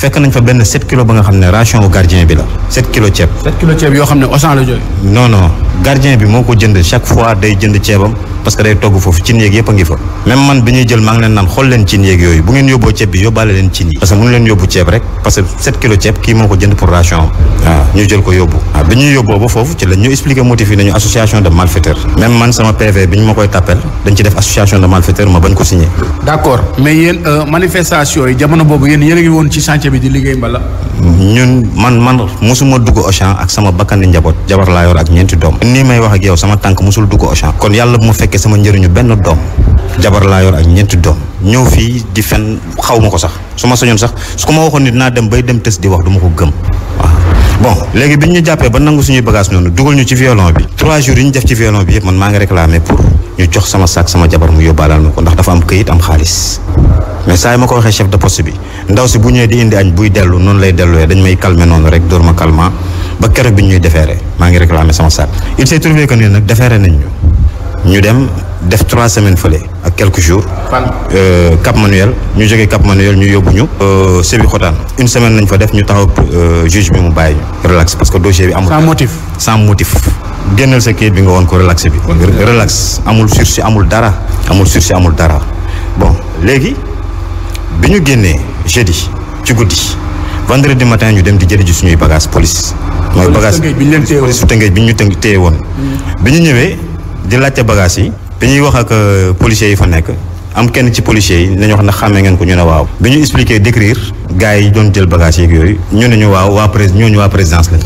fekk nañ fa benn 7 kilos ba nga xam ne ration gardien bi la 7 kilos ceeb. 7 kilos ceeb yoo xam ne Auchan la jógee. non non gardien bi moo ko jënd chaque fois day jënd ceebam parce que day togg foofu cin yeeg yëpp ngi fa. même man bi ñuy jël maa leen naan xool leen cin yeeg yooyu bu ngeen yóbboo ceeb bi yóbbaale leen cin yi. parce que mënu leen yóbbu ceeb rek parce que 7 kilos ceeb kii moo ko jënd pour ration am. ñu jël ko yóbbu. waaw bi chantier bi di liggéey mbala. ñun man man mosuma dugg Auchan ak sama bakkandi njaboot jabar laa yor ak ñeenti doom nii may wax ak yow sama tànk mosul dugg Auchan kon yàlla bu ma fekkee sama njariñu benn doom jabar laa yor ak ñeenti doom ñëw fii di fen xaw ma ko sax su ma sañoon sax su ko ma waxoon ni dinaa dem bay dem tës di wax du ma ko gëm waaw bon léegi bi ñu jàppee ba nangu suñuy bagage noonu dugal ñu ci violon bi trois jours def ci violon bi yëpp man maa ngi réclamé pour ñu jox sama sac sama jabar mu yóbbaalaal ma ko ndax dafa am këyit am xaalis mais saa yi ma ko waxee chef de poste bi ndaw si bu ñëwee di indi añ buy dellu noonu lay delluwee dañ may calmer noonu rek dóor ma calmant ba keroog bi ñuy déféré maa ngi réclamé sama sac il s'est trouvé que ni nag déféré nañ ñu ñu dem def trois semaines fële ak quelques jours. fan euh, Cap Manuel ñu jógee Cap Manuel ñu yóbbu ñu. Euh, Sébi xotaan une semaine nañ fa def ñu taxaw euh, juge bi mu bàyyi ñu. relax parce que dossier bi amul. sans motif sans motif. génnal sa kayit bi nga woon ko relaxé bi. relax amul sursis amul dara. amul sursis amul dara bon bi ñu génnee jeudi ci guddi vendredi matin ñu dem di jëli ji suñuy bagage police mooy bagage police su tëngeej bi ñu tëng téye woon mm. bi ñu ñëwee di laajte bagage yi bi ñuy wax ak euh, policiers yi fa nekk am kenn ci policiers yi nañu wax na xàmmee ngeen ko ñu ne waaw bi ñu expliqué décrire gars yi doon jël bagage yeeg yooyu ñu ne ñu waaw waa prés ñooñu waa présidence lañu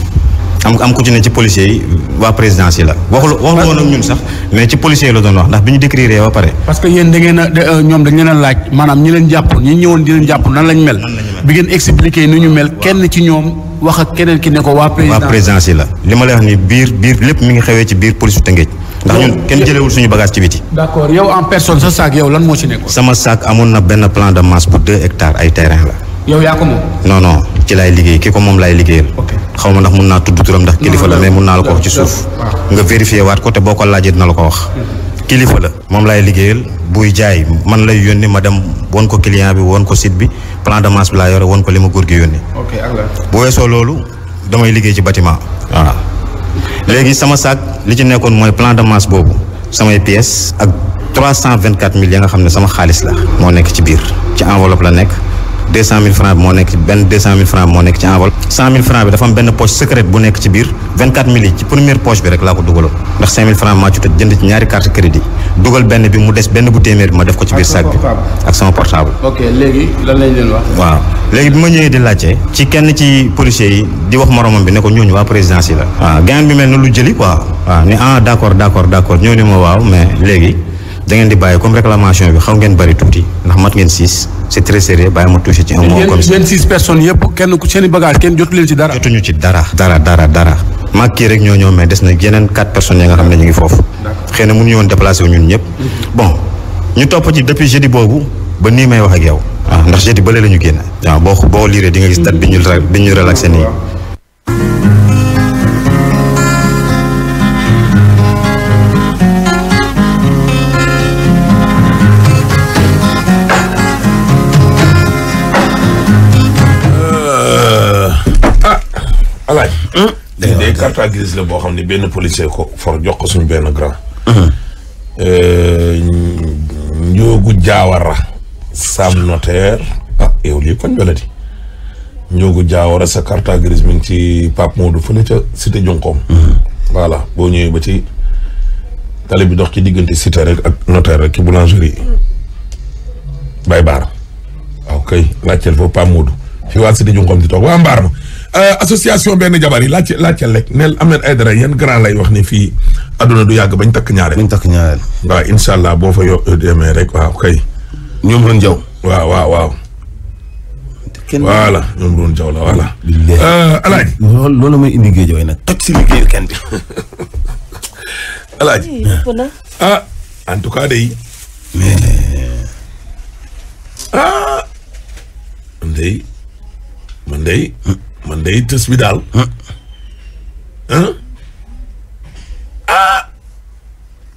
am am ku ci ne ci policiers yi waa présidence yi la. waxul waxul woon ak ñun sax mais ci policiers yi la doon wax ndax bi ñu décrire ba pare. parce que yéen da ngeen a euh, ñoom dañ leen a laaj maanaam ñi leen jàppoon ñi ñëwoon di leen jàpp nan lañ mel. bi ngeen expliqué ni ñu mel kenn ci ñoom wax ak keneen ki ne waa. présidence yi la. li ma lay wax ni biir biir lépp mi ngi xewee ci biir police Tëngéej. ndax ñun kenn jëlewul suñu bagage ci biti. d'accord yow en personne sa lan moo ci nekkoon. sama saak amoon na benn plan de masse bu ay terrain la yow yaa ko moom. non ci laay liggéey ki ko moom laay liggéeyal. xaw ma ndax mun naa tudd turam ndax kilifa la mais mun naa la ko wax ci suuf. nga vérifié waat ko te boo ko laajee dina la ko wax. Mhm. kilifa la moom laay liggéeyal buy jaay man lay yónni ma dem won ko client bi won ko site bi plan de masse bi laa yore won ko li ma góor gi yónni. ok bu weesoo loolu damay liggéey ci batiment waaw léegi sama sac li ci nekkoon mooy plan de masse boobu samay pièces ak 324 000 ya nga xam ne sama xaalis la. moo nekk ci biir ci enveloppe la nekk. deux cent mille francs bi moo nekk ci benn deux cent mille francs bi moo nekk ci dafa am benn poche secrète bu nekk ci biir vingt quatre mille yi ci première poche bi rek laa ko dugaloon ndax cinq benn bi mu des benn bu téeméer bi ma def ko ci biir sac bi ak sama portable léegi bi ma ñëwee di laajte ci kenn ci policier yi di wax moromam bi ne ko ñooñu waa présidence yi la waaw gain bi mel na lu jëli quoi waaw ni ah d'accord d'accord d'accord ñëw ni ma waaw da di bàyyi comme réclamation bi xaw ngeen bari tuuti ndax mat ngeen six c'est très sérieux bàyyi ma touché ci un mois comme ça six personnes leen ci dara jotuñu ci dara dara dara dara kii rek ñoo ñoo mais des na geneen quatre personnes yi nga xam ne ñu ngi foofu xëy na mënuñu woon déplacé wu ñun ñëpp mhm. bon ñu topp ci depuis jeudi boobu ba nii may wax ak yow waaw ah, ndax jeudi bële la génn waaw ah, boo boo liiree di gis date bi ñu bi ñu nii carte grise la boo xam ne benn policier ko for jox ko suñu benn grand. Mhm. Euh, Ndiogu Diawara. Sam Notaire. ah yow lii koñ balati. Ndiogu Diawara sa carte grise mi ngi ci Pape Modou fële ca cité Jonkoom. Mhm. voilà boo ñëwee ba ci tali bi dox ci diggante cité rek ak notaire rek ci boulangerie bay baar waaw kay laajteel foofu Pape fi waa cité Jonkoom di toog waa mbaar Euh, association benn jabar yi laajte laajte lekk neel Ahmed Aidara yan grand lay wax ni fii na du yàgg bañ takk ñaareel. bañ takk ñaareel. waaw incha boo fa yo demee rek waaw kay. ñoom doon jaw. waaw waaw waaw. kenn voilà ñoom jaw la voilà. Euh, alaaj loolu loolu mooy indi géej yooyu nag toj bi. alaaj ah en tout cas day. Ah, man day man day. Mm. man day tës bi daal. ah.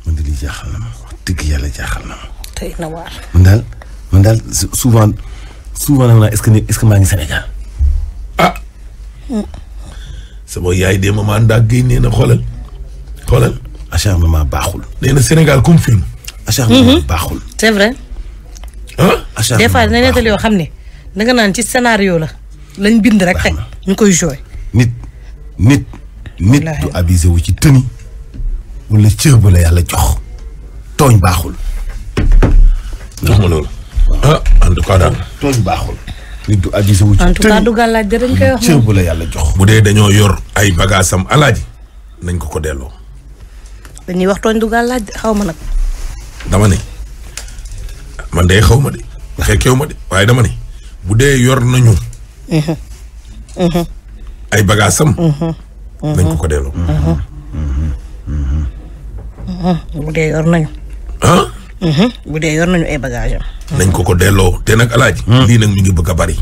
man de lii jaaxal na ma wax dëgg yàlla jaaxal na ma. tey na waar. man souvent souvent da nga est-ce Sénégal. ah. sama yaay de maman Nda Guèye nee na xoolal xoolal. acharnement baaxul. nee na Sénégal comme film. acharnement mhm. baaxul. c'est baaxul des fois dina nettali yoo xam ne danga naan ci scénario la lañ bind rek teg. ñu koy joué. nit nit. nit du abusé wu ci tëni wala cër ba yàlla jox tooñ baaxul. ndax ma loolu. ah en tout baaxul. nit du abusé wu ci tëni en tout cas gàllaaj dañ koy wax yàlla jox. bu dee dañoo yor ay bagages am alaaji ko ko delloo. dañuy wax tooñ du gàllaaj xaw ma nag. dama ne man de xaw ma de. xeekew ma de waaye dama ne bu dee yor nañu. ay bagages am. Mhm. Mhm. nañ ko ko delloo. Mhm. bu dee yor nañu. ay bagages am. nañ ko ko delloo te nag alaaji. Hmm. lii nag mi ngi a bari.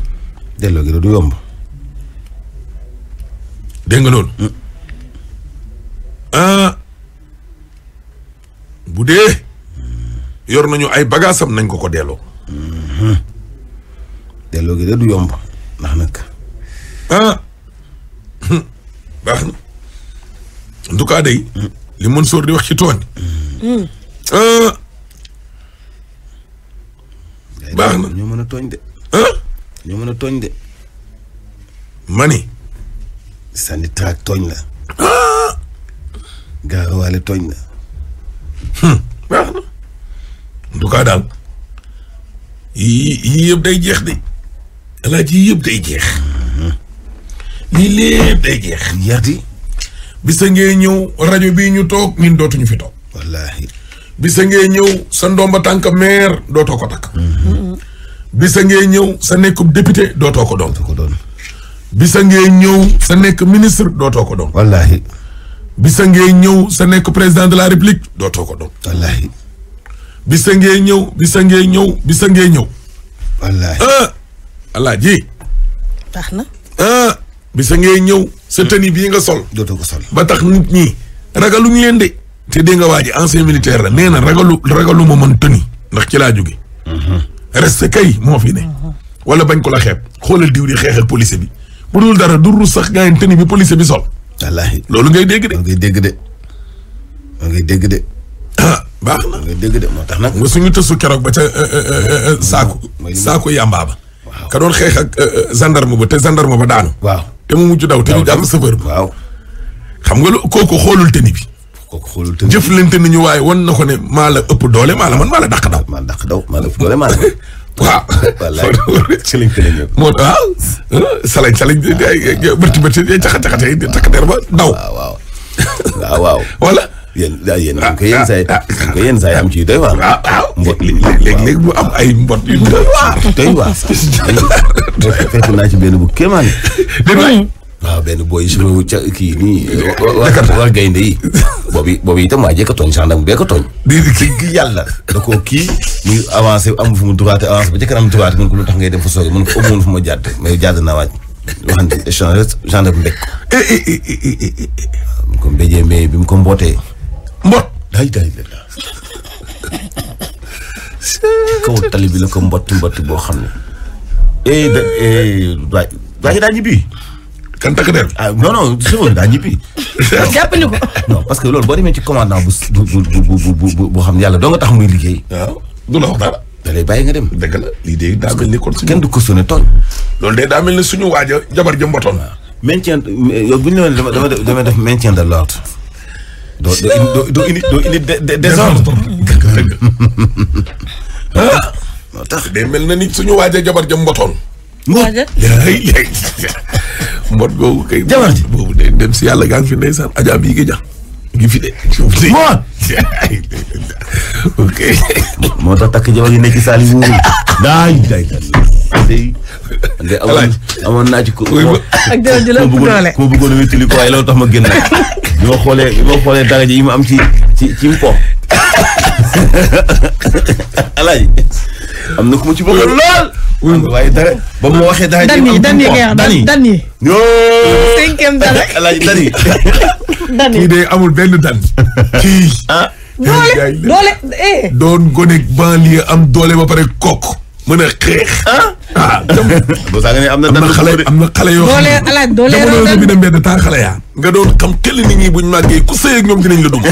delloo gi du yomb. dégg nga hmm. ah. yor nañu ay bagages nañ ko ko delloo. delloo gi de du yomb ndax nag. ah baax na en li mën sóor di wax ci tooñ hmm. ah baax na ñoo mën a tooñ de ah. mën a tooñ de mani sànni traak tooñ la ah tooñ la hmm. baax daal yii yëpp day jeex de alaaji yii yëpp day jeex lii lépp day jeex. yaati. bisa ngee ñëw rajo bii ñu toog ñun dootuñu fi toog. wallaahi. bisa ngee ñëw sa ndomba tànk maire dootoo ko takk. Mm-hmm. bisa ñëw sa nekkub député dootoo ko doon. ko doon. bisa ngee ñëw sa nekk ministre dootoo ko doon. wallaahi. bisa ngee ñëw sa nekk président de la république dootoo ko doon. wallaahi. bisa ngee ñëw bisa ngee ñëw bisa ngee ñëw. wallaahi. Eh, alaaji. tax na. Eh, bi sa ngay ñëw sa hmm. tenue bii nga sol. dootoo ko sol ba tax nit ñi ragaluñu leen de. te dégg nga waa ji ancien militaire la nee na ragalu ragalu ma man tenue ndax ci laa jóge hmm. reste kay moo fi ne. Hmm. wala bañ ko la xeeb xoolal diw di xeex ak police bi bu dul dara du rus sax gaayen tenue bi police bi sol. wallaahi loolu ngay dégg de. ngay dégg de ngay dégg de. ah baax na dégg moo tax nag. nga suñu tësu keroog ba ca eh, eh, eh, saako. saako yambaa ba. ka doon xeex ak gendarme ba te gendarme ba daanu. waaw. te mu mujj daw te ñu jàll sëfër bi waaw xam nga lu kooku xoolul tëni bi. kooku xoolul tëni bi jëflante nañu waaye wan na ko ne maa la ëpp doole maa la man maa la dàq daw. maa la dàq daw maa la ëpp doole maa la. waaw wallaay ah, salañ salañ moo waaw salañ salañ bërti bërti caxa caxate yi takateer ba daw waaw waaw yéen ah yéen ko ah, ah. yéen saa yi am ci doy waar. ah ah mbot léeg am ay mbot yu doy waar. doy waar fekk naa ci benn bu kéemaan. dégg benn booy suñu ca kii nii. waa waa gaynde yi. boobu boobu itam waa jëkk a tooñ gendarme bee ko tooñ. yàlla. da koo kii muy avancé am fu mu droite avancé ba ca kanam droite mun ko lu tax ngay dem fa sori mun ko amoon fu ma jàdd mais jàdd naa waaj. waxante échange gendarme mbékk ko. comme eh, eh, eh, béjee bi mu ko mbootee. mbot day day day kaw tali bi la ko mbotti mbotti boo xam ne. eh da eh waay waay daa ñibbi. kan takk der ah non non su ma daa ñibbi. jàppale ko. non parce que loolu boo demee ci commandant bu bu bu bu bu xam ne yàlla doo nga tax muy liggéey. waaw du la wax dara. da lay bàyyi nga dem. dëgg la lii de daa mel ni kon suñu. kenn du ko sonné tooñ. loolu de daa mel ni suñu waaja jabar ja mbotoon. maintien euh, yow bu ñu la dama dama def maintien de l'ordre doo doo indi doo indi désordre moo tax day mel na nit suñu waajee jabar jëm mbotoon. mbot lay lay mbot googu kay. jabar ji boobu de dem si yàlla gaa ngi fi ndeysaan ajaab yi nga ngi fi de. mbot. ok. moo tax takk jabar yi nekk ci saali wóorul. daay daay daay. amoon naa ci ko. ak jërëjëf la ku doole. koo bëggoon a wétali ko waaye loolu tax ma génn bi ma xoolee bi ma xoolee dara ji yi ma am ci ci ci mpo alaaji am na ku ma ci bëgg lool. waaye dara ba mu waxee dara ji yi dan yi dan yi kii de amul benn dan. kii. Ah. doole doole. Eh. doon gone banlieue am doole ma pare kok mën a xeex. ah boo saa ne am na. am na xale am na xale yoo xam ne doolee alaaj doolee raw dem jamono mbedd taa xale yaa. nga doon xam këll nit ñi buñ màggee ku sëy ak ñoom dinañ la dugg.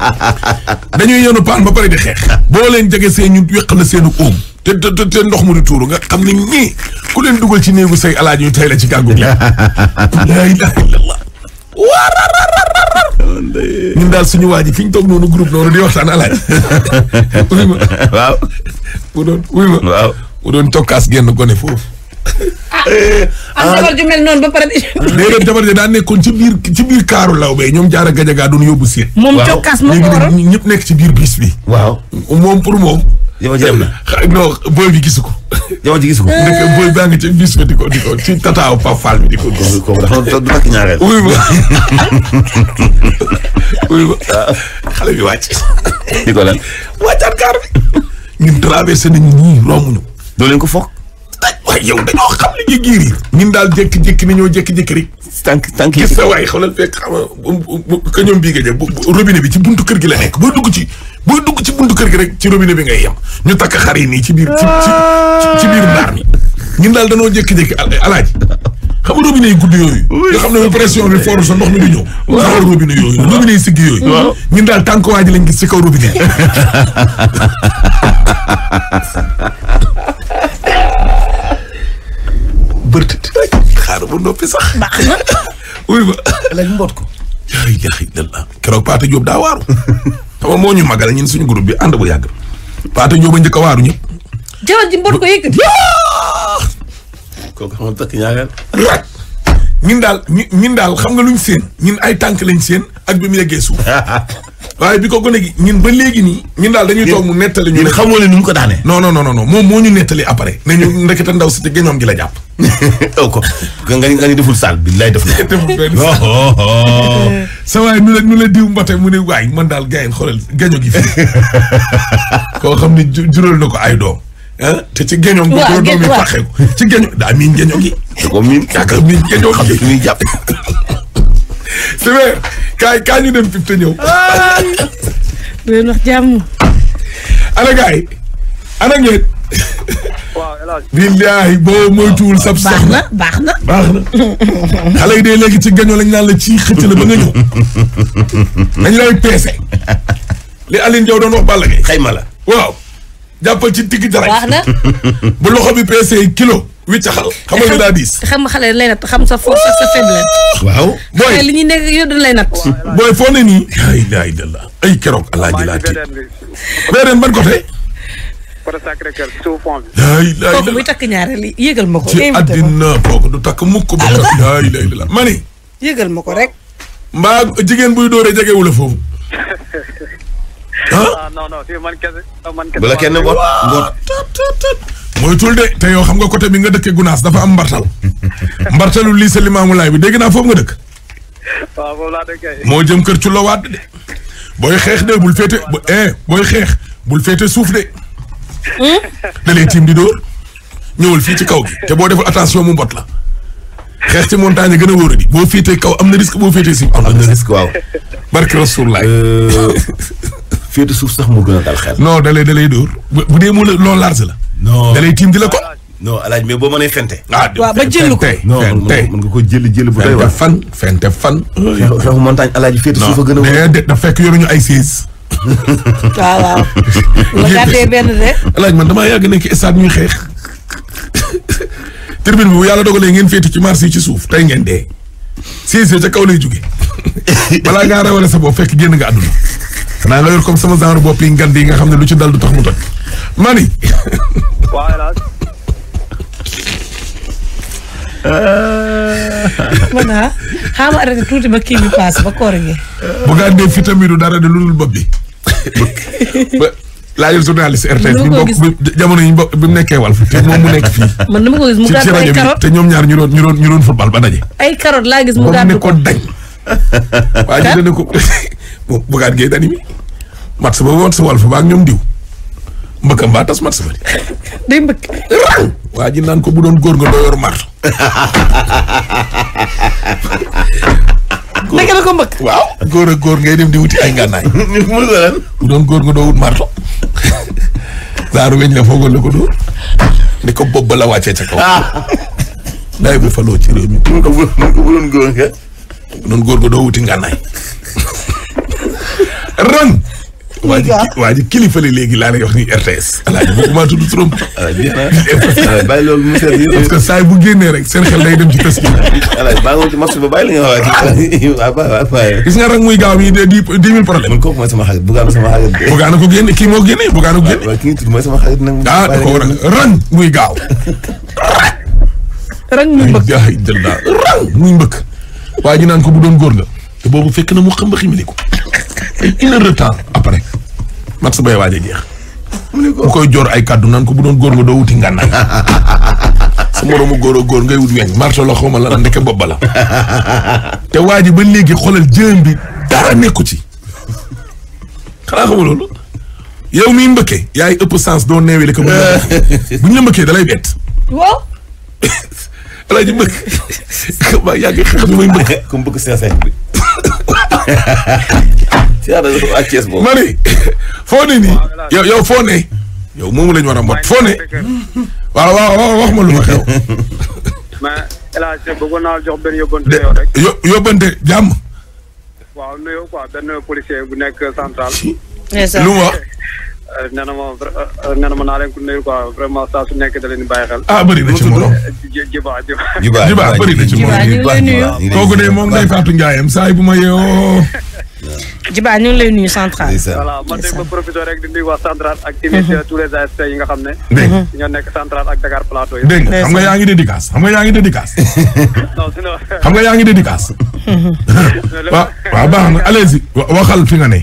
dañuy yenu paan ba pare di xeex. boo leen jege seen ñu yàq la seenu oom. te te te ndox mu di tuuru nga xam ne ñii ku leen dugal ci néegu sëy alaaj ñu tey la ci gàggu gi. la ñun daal suñu waa ji fi ñu toog noonu groupe noonu di waxtaan alaaj wuy ma waaw mu doon wuy ma waaw mu doon tokkaas génn gone foofu am jabar ju mel noonu ba pare léegi jabar ji daan nekkoon ci biir ci biir kaaru law bay ñoom jaara gajagaa doon yóbbu seet moom tokkaas moo ko waral léegi ñëpp nekk ci biir bis bi waaw moom pour moom jabar ji dem na non booy bi gisu ko. jabar ji gisu ko. nekk booy baa nga ci bis ba di ko di ko ci tataaw Pape Fall bi di ko gis. kooku dafa doon doon ak ñaareel. wuy ma wuy ma xale bi wàcc. di ko lan wàccaat kaar bi. ñun traversé nañu ñii romb ñu. doo leen ko foog. taj waaye yow dañoo xam li nga giir daal jékki-jékki nañoo jékki-jékki rek tànk tànk gis sa waay xoolal fekk xam nga ñoom bii nga jël robinet bi ci buntu kër gi la nekk booy dugg ci booy dugg ci buntu kër gi rek ci robinet bi ngay yem ñu takk xar yi nii ci biir ci ci biir mbaar mi ñun daal dañoo jékki-jékki alaaji xam nga robinet yi gudd yooyu nga xam ne pression bi fort sa ndox mi du ñëw waaw robinet yooyu robinet yi sigg yooyu ñun daal tànk waa ji lañ gis ci kaw robinet bërtët. xaaral bu noppi sax. baax na. wuy ma. laaj mboot ko. jaay jaay daa waaru. xam moo ñu magal ñun suñu groupe bi ànd bu yàgg. Paate Diop a njëkk a waaru ñëpp. jaww ji mboot ko yëkkati. kooku xam daal ñun daal xam nga luñ seen ñun ay tànk lañ seen ak bi mu yeggee suuf. waaye bi ko gone gi ñun ba léegi nii. ñun daal dañuy toog mu nettali. ñu ne xamoo leen nu mu ko daane non non non non moom moo ñu nettali après. ne ñu ndekete ndaw si te gëñoom gi la jàpp. oo oh, ko nga nga ni deful saal bi lay def na. deful benn saal oh, oh, sa waay nu la diw mbote mu ne waay man daal gars yi xoolal gëño gi fii koo xam ne jural na ko ay doom. ah te ci gëñoom. waaw gëñ waaw ko ci gëño daa miin gëño gi. da ko miin yaakaar miin gëño gi xam ne si weer kaay kaay ñu dem fii te ñëw. loolu wax ana gars yi ana ngeen. waaw El Hadj. billaahi boo moytuwul sab sax na baax na baax na. xale yi de léegi ci gañoo lañ naan la ci xëcc la ba nga ñëw. nañ lay peese. li Aline Diaw doon wax Balla Gaye xayma la waaw. jàppal ci digg dara. bu loxo bi peesee kilo. wiccaxal xam nga daa diis. xam nga xale lay nat xam sa force ak sa faiblesse. waaw booy li ñuy nekk yow dañu lay nat. booy foo ne nii. la ay keroog. alaaji laa tiit beneen ban côté. côté Sacré-Cœur suuf pont bi. la ilaha illallah kooku muy takk ñaareel yëgal ma ko. ci àddina kooku du takk mukk ba. la ilaha illallah mani. yëgal ma ko rek. mbaa jigéen buy dóoree jegewu la foofu. Ah? ah non non man kese man kese. bu la mooy moytul de te yow xam nga côté bi nga dëkkee Gunaas dafa am mbartal mbartalu lii sa limaamu laay bi dégg naa foofu nga dëkk. waaw foofu laa moo jëm kër Culowaat de booy xeex de bul féete bu eh booy xeex bul féete suuf de. Hmm? da lay tiim di dóor ñëwal fii ci kaw gi te boo deful attention mu mbot la xeex ci montagne gën a wóor di boo féetee kaw am na risque boo féetee si. am na risque waaw. barki Rasulullah. Euh, féete suuf sax moo gën a dal xel. non da lay dóor bu dee la la. non da lay tiim di la ko. non alaaj mais boo mënee fente. ah, ah ba jël ko non mën nga ko jëli jëli bu doy waar fan fente fan. xeexu montagne alaaj féete gën a. mais de fekk yoruñu ay siis. Ah, waaw waaw. nga alaaj man damaa yàgg nekk stade ñuy xeex. tribune bi bu yàlla dogalee ngeen féete ci marché yi ci suuf tey ngeen dee. siis yi ca kaw lay jóge balaa ngaa rawale sa boo fekk génn nga àdduna. xanaa nga yor comme sama genre bopp yi ngan nga xam ne lu ci dal du tax mu toj. mani. waaw El Hadj. man ah xaaral ma arrêté tuuti ba kii bi paas ba koor gi. bu ngaa dee vitamine dara de lu dul bopp bi. laajal journaliste RTL ñu bokk jamono yi bokk bi mu nekkee wàll te moom mu nekk fii. te ñoom ñaar ñu doon ñu doon ñu doon ba daje. ay carottes laa gis mu gàddu ko dañ. waa ji dana ko bugaat gee dani mat sa ba woon sa wàll fa ba ñoom diw. mbëkk mbaa tas mat sama mbëkk rang waa naan ko bu doon góor nga doo yor mar nekk na ko mbëkk waaw góor ak góor ngay dem di ay ngànnaay mosalan bu doon góor nga doo wut marto daaru weñ la foogoon la ko dóor ni ko bopp ba la wàccee ca kaw day bu faloo ci réew mi ko bu doon góor nga bu góor nga doo wuti ngànnaay rang waa ji waa ji kilifa la léegi laa lay wax ni RTS. alaaji bëgguma tudd turam. bàyyi loolu mu seet parce que saa bu génnee rek seen xel day dem ci tës bi. alaaji baa ngi ci masu ba bàyyi la nga wax waaye. gis nga rek muy gaaw mii dix dix mille problème. man kooku mooy sama xarit bugaana sama xarit de. bugaana ko génne kii moo génne bugaana ko génne. waaw ki nga tudd mooy sama xarit nag. ah da koo war a rang muy gaaw. rang muy mbëkk rang muy mbëkk. waa ji naan ko bu doon góor la. te boobu fekk na mu xam ba ximali ko une heure de temps après max a jeex. mu koy joor ay kaddu naan ko bu doon góor nga doo wuti ngànnaay. su moromu góor a góor ngay wut weñ marto la xawma la ndeke bopp la. te waa ji ba léegi xoolal jëm bi dara nekku ci xanaa xamul loolu. yow miy mbëkke yaay ëpp sens doo neewee rek. bu ñu la mbëkkee da lay bett. waaw. El Hadj Mbëkk maa yàgg xam nga mooy Mbëkk. comme Mbëkk CSA bi. Cheikh dafa waa Thiès boobu. ma ne foo ne nii yow yow foo lañ war a mbot wax ma lu ma xew. mais El Hadj yow rek. yo yóbbante jàmm. bu nekk central. lu mu nee na ma nee na ma naa leen ko nuyu quoi vraiment saa su nekk da leen di bàyyi xel. ah bëri na ci morom Jiba Jiba bëri na ci morom kooku de moom day Fatou Ndiayem saay bu ma yeewoo. Jiba ñu ngi lay nuyu central. central mhm. nga xam ne. dégg ñoo nekk xam nga yaa ngi dédicace xam xam nga yaa ngi dédicace. Mhm. waaw waaw baax na allez-y waxal fi nga ne.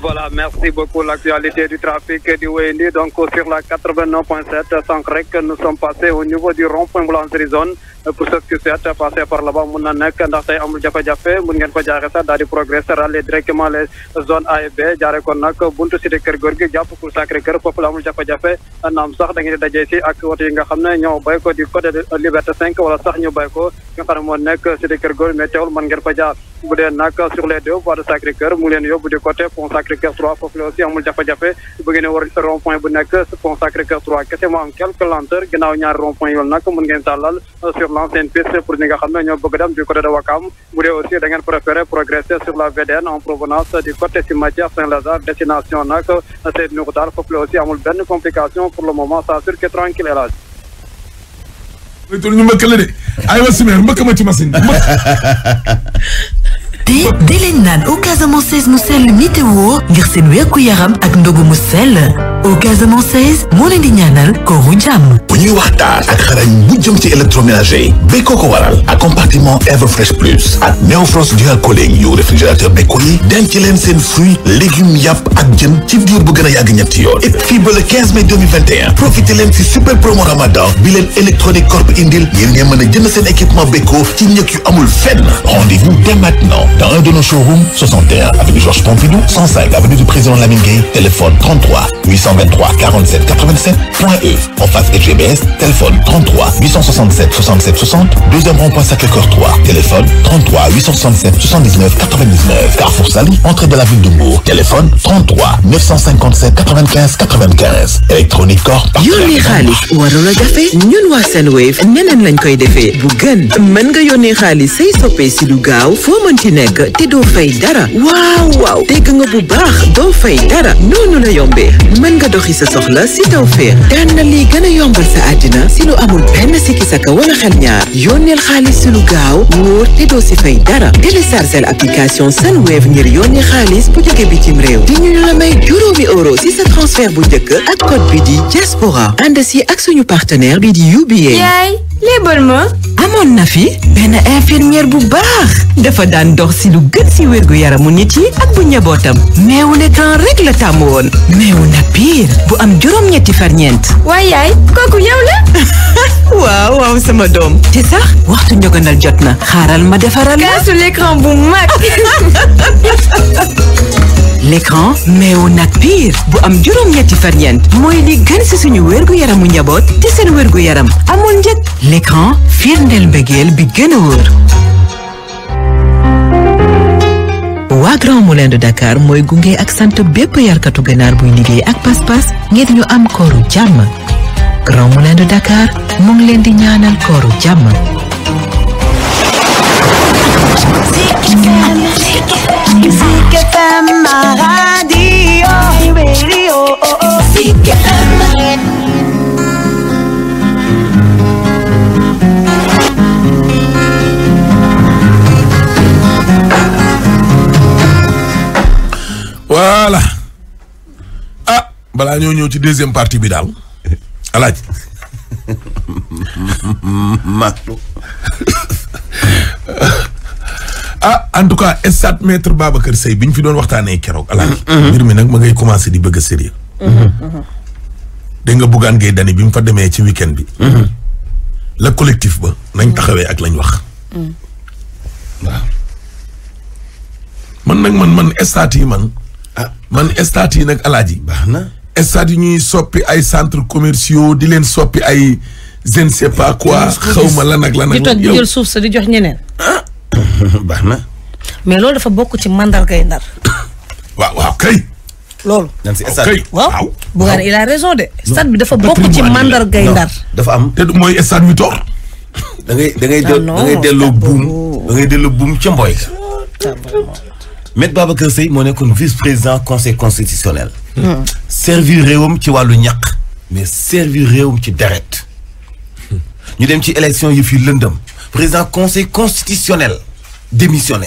Voilà, merci beaucoup. L'actualité du trafic du Wendy, donc sur la 89.7, sans que nous sommes passés au niveau peut-être que c'est passé par là-bas mun na nekk ndax tey jafe-jafe mun ngeen ko jaare sax daal di progresser directement les zones A et B jaare ko nag kër góor gi jàpp pour sacré kër foofu la amul jafe-jafe naam sax da ngeen si ak woto yi nga xam ne ñoo bay ko di côté liberté 5 wala sax ñu bay ko nga xam ne moo nekk cité kër góor mais teewul mën ngeen ko jaar bu dee sur les deux voies de sacré cœur mu leen yóbbu di côté pont sur l'ancienne piste pour ñi nga xam ne ñoo bëgg dem du côté de Wakam bu aussi da ngeen préféré progresser sur la VDN en provenance du côté cimetière Saint-Lazare destination nag Seydou Nourou daal foofu aussi amul benn complication pour le moment ça assure que tranquille El Hadj. ñu mbëkk la de aywa Simeer mbëkk ma ci machine te dee leen naan eau casamançaise mu sell mi te wóor ngir seen wérgu yaram ak ndogu mu sell eau casamançaise moo leen di ñaanal kooru ñuy waxtaan ak xarañ bu jëm ci électroménager bee ko ko waral ak compartiment Everfresh Plus ak Neofrost Dual Cooling yu réfrigérateur Beko yi denc leen seen fruits légumes yàpp ak jën ci diir bu gën a yàgg ñetti fii ba le 15 mai 2021 profité leen ci super promo ramadan bi leen Electronic Corp indil ngir ngeen mën a jënd seen équipement Beko ci njëkk yu amul fenn rendez-vous dès maintenant. Dans un de nos showrooms, 61 avenue Georges Pompidou, 105 avenue du Président Lamine Gueye, téléphone 33 823 47 87, point E. En face SGBS, téléphone 33 867 67 60, deuxième rond-point Sacré-Cœur 3, téléphone 33 867 79 99, Carrefour Sali, entrée de la ville de téléphone 33 957 95 95, électronique corps. yónnee xaalis warul a jafe ñun waa Senwave neneen lañ koy defee bu gën mën nga nekk te doo fay dara waaw waaw dégg nga bu baax doo fay dara noonu la yombee mën nga doxi sa soxla si Tawfekh daan na lii gën a sa adina si lu amul benn sikki saka wala xel ñaar yónneel xaalis si lu gaaw wóor te doo si fay dara téléchargeel application Sunwave ngir yónnee xaalis bu jóge bitim réew di ñu la may juróomi euro si sa transfert bu njëkk ak code bi di diaspora ànd si ak suñu partenaire bi di UBA. yaay léebal ma amoon na fi benn infirmière bu jox si gën si wérgu yaramu nit yi ak bu njabootam meewu l'écran rek la woon meewu na piir bu am juróom-ñetti farñeent waay yaay kooku yow waaw waaw sama doom te sax waxtu njogandal jot na xaaral ma defaral la kaasu l'écran bu mag l'écran meewu nag piir bu am juróom-ñetti farñeent mooy li gën si suñu wérgu yaramu njaboot te seen wérgu yaram amul njëg l'écran firndeel mbëggeel bi gën a wóor waa Grand Moulin de Dakar mooy gunge ak sant bépp yarkatu ganaar buy liggéey ak pas-pas ngir ñu am kooru jàmm Grand Moulin de Dakar mu ngi leen di ñaanal kooru jàmm voilà ah balaa ñoo ñëw ci deuxième partie bi daal alaaj ah en tout cas stade maître kër Seye bi ñu fi doon waxtaanee keroog. alaaj mbir mi nag ma ngay commencé di bëgg a sérieux. dégg nga Bougane Gueye Dany bi mu fa demee ci weekend bi. la collectif ba nañ taxawee ak lañ wax. Mm. waaw man nag man man stade yi man. ah man stade yi nag alaaji baax na stade yi ñuy soppi ay centres commerciaux di leen soppi ay je ne sais pas quoi xaw ma lan ak lan di toj jël suuf sa di jox ñeneen. ah baax na. mais loolu dafa bokk ci mandargay ndar. waaw waaw kay. loolu. nan si stade bi waaw waaw. Bougane il a de. stade bi dafa bokk ci mandargay ndar. dafa am te mooy stade bi toor. da ngay da ngay ah delloo buum da ngay delloo buum ca mboy. Maître kër Seye moo nekkoon vice président conseil constitutionnel. Hmm. servir réewam ci wàllu ñaq. mais servir réewam ci deret. ñu dem ci élection yi fi lëndam président conseil constitutionnel démissionné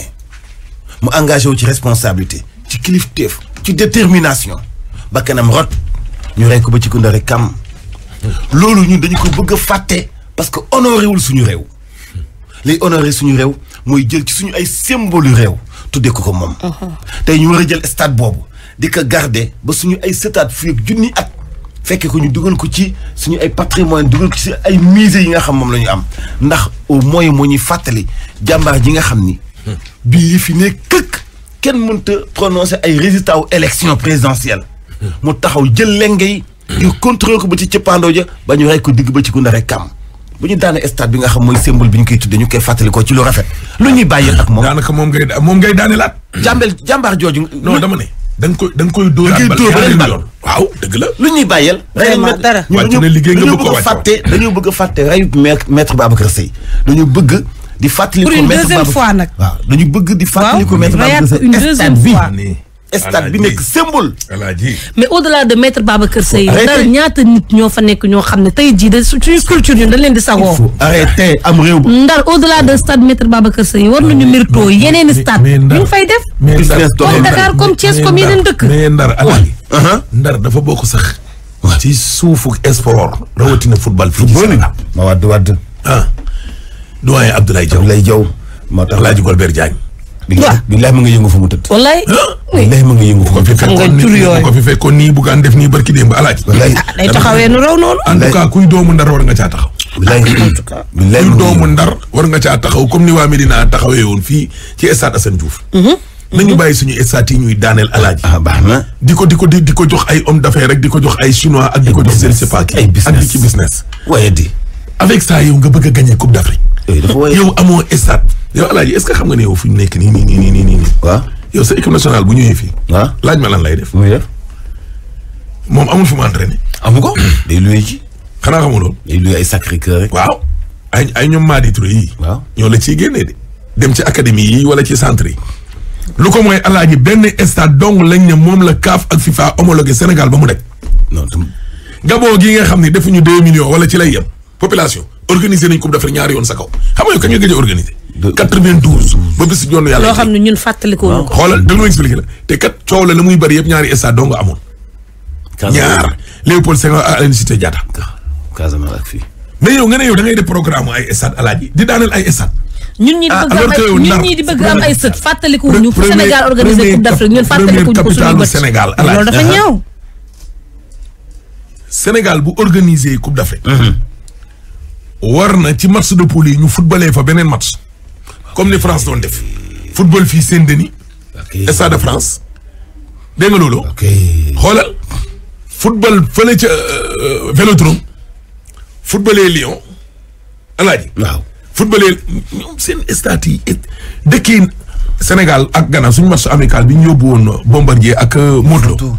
mu engagé wu ci responsabilité ci kilifteef ci détermination ba kanam rot ñu rey ko ba ci kundare kam loolu ñun dañu ko bëgg fàtte parce que honoré suñu réew liy honoré suñu réew mooy jël ci suñu ay symbole yu réew tuddee ko ko moom. tey ñu war a jël stade boobu di ko garder ba suñu ay stade fii ak junni at. fekkee ko ñu dugal ko ci suñu ay patrimoine dugal ko ci ay mise yi nga xam moom lañu am ndax au moins moo ñuy fàttali jàmbaar ji nga xam ni. bii yi fi ne këkk kenn mënta prononcer ay résultats wu élection présidentielle. mu taxaw jël lenge yi. ngir contrôler ko ba ci cëppaandoo ja ba ñu rey ko digg ba ci ku ne rek kam bu ñu daane stade bi nga xam mooy symbole bi ñu koy tuddee ñu koy fàttalikoo ci lu rafet lu ñuy bàyyi ak moom. daanaka moom ngay moom ngay daane laat. jàmbel jàmbaar jooju. non dama ne. da nga koy da nga nga koy waaw dëgg la. lu ñuy bàyyeel. vraiment dara wàcc na liggéey nga bëgg ko wàcc dañu bëgg a fàtte reyu maître Babacar Seye dañu bëgg di fàttali ko maître Babacar pour une deuxième fois nag. waaw dañu bëgg di fàttali ko maître Babacar Seye stade bi stade bi nekk symbole. mais au delà de maître Babacar Seye. ñaata nit ñoo fa nekk ñoo xam ne tey jii de suñu culture ñun dañ leen di sagoo. arrêté am réew. ndar au delà de stade maître Babacar Seye war nañu méritoo yeneen stade. ñu fay def. mais ndar comme Dakar comme Thiès comme yeneen dëkk. mais ndar alali. Uh-huh. ndar dafa bokk sax. ci suufu esport. rawatina ci Sénégal. ma wadd wadd. ah doyen Abdoulaye Diaw Abdoulaye Diaw. moo tax Alaaji Golbert Diagne. waaw billahi ma nga yëngu fu mu tëdd. wallaay. ma nga yëngu fu fi fekkoon nii bu ko def nii barki démb alaaji. wallaay ah, day taxawee nu raw noonu. en tout cas kuy doomu ndar war nga caa taxaw. billahi taxaw comme ni waa Medina taxawee woon fii ci stade Assane Diouf. Mhm. nañu mhm. bàyyi suñu stade yi ñuy daaneel alaaji. ah baax na. di ko di ko di ko jox ay homme d'affaires rek di ko jox ay chinois ak di ko jox. ay business ak di ci business. waaye di. avec ça yow nga bëgg a gagner coupe d'Afrique. yow amoo stade yow Alaaji est-ce que xam nga ne yow fu ñu nekk nii nii nii nii nii. waaw yow sa équipe nationale bu ñëwee fii. laaj ma lan lay def. muy def moom amul fu mu entraîné. amu ko. day luy ci. xanaa xamul loolu. day ay sacré cœur rek. waaw ay ñoom Madi Touré yii. ñoo la ciy génnee de. dem ci académie yi wala ci centre yi. lu ko mooy Alaaji benn stade dong lañ ne moom la CAF ak FIFA homologué Sénégal ba mu nekk. non tam. Gabon gi nga xam ne defuñu deux millions wala ci lay yem population organiser nañ coupe d'Afrique ñaari yoon sa kaw xam nga yow kañ nga gëj 92 ba bis yoonu yàlla. loo xam ne ñun fàttalikoo ko. xoolal dama expliqué la te kat coow la la muy bëri yëpp ñaari stade doo nga amoon. ñaar Léopold Senghor ak Aline nga ne yow da ngay programme ay di daaneel ay stade. ñi ah, di bëgg am ay fàttaliku ñu fu Sénégal organisé coupe d'Afrique ñun ko suñu bët Sénégal loolu dafa ñaaw. Sénégal bu organisé coupe d'Afrique. Mhm. war na ci match de poule yi ñu footballé fa beneen match. comme ni France doon def football fii Saint-Denis. ok stade de France dégg nga loolu. ca euh, euh, Vélodrome footballee Lyon alaaji. waaw ñoom seen stade yi dëkk yi Sénégal ak Ghana suñu match amical bi ñu yóbbu woon Bombardier ak euh, Modou Lo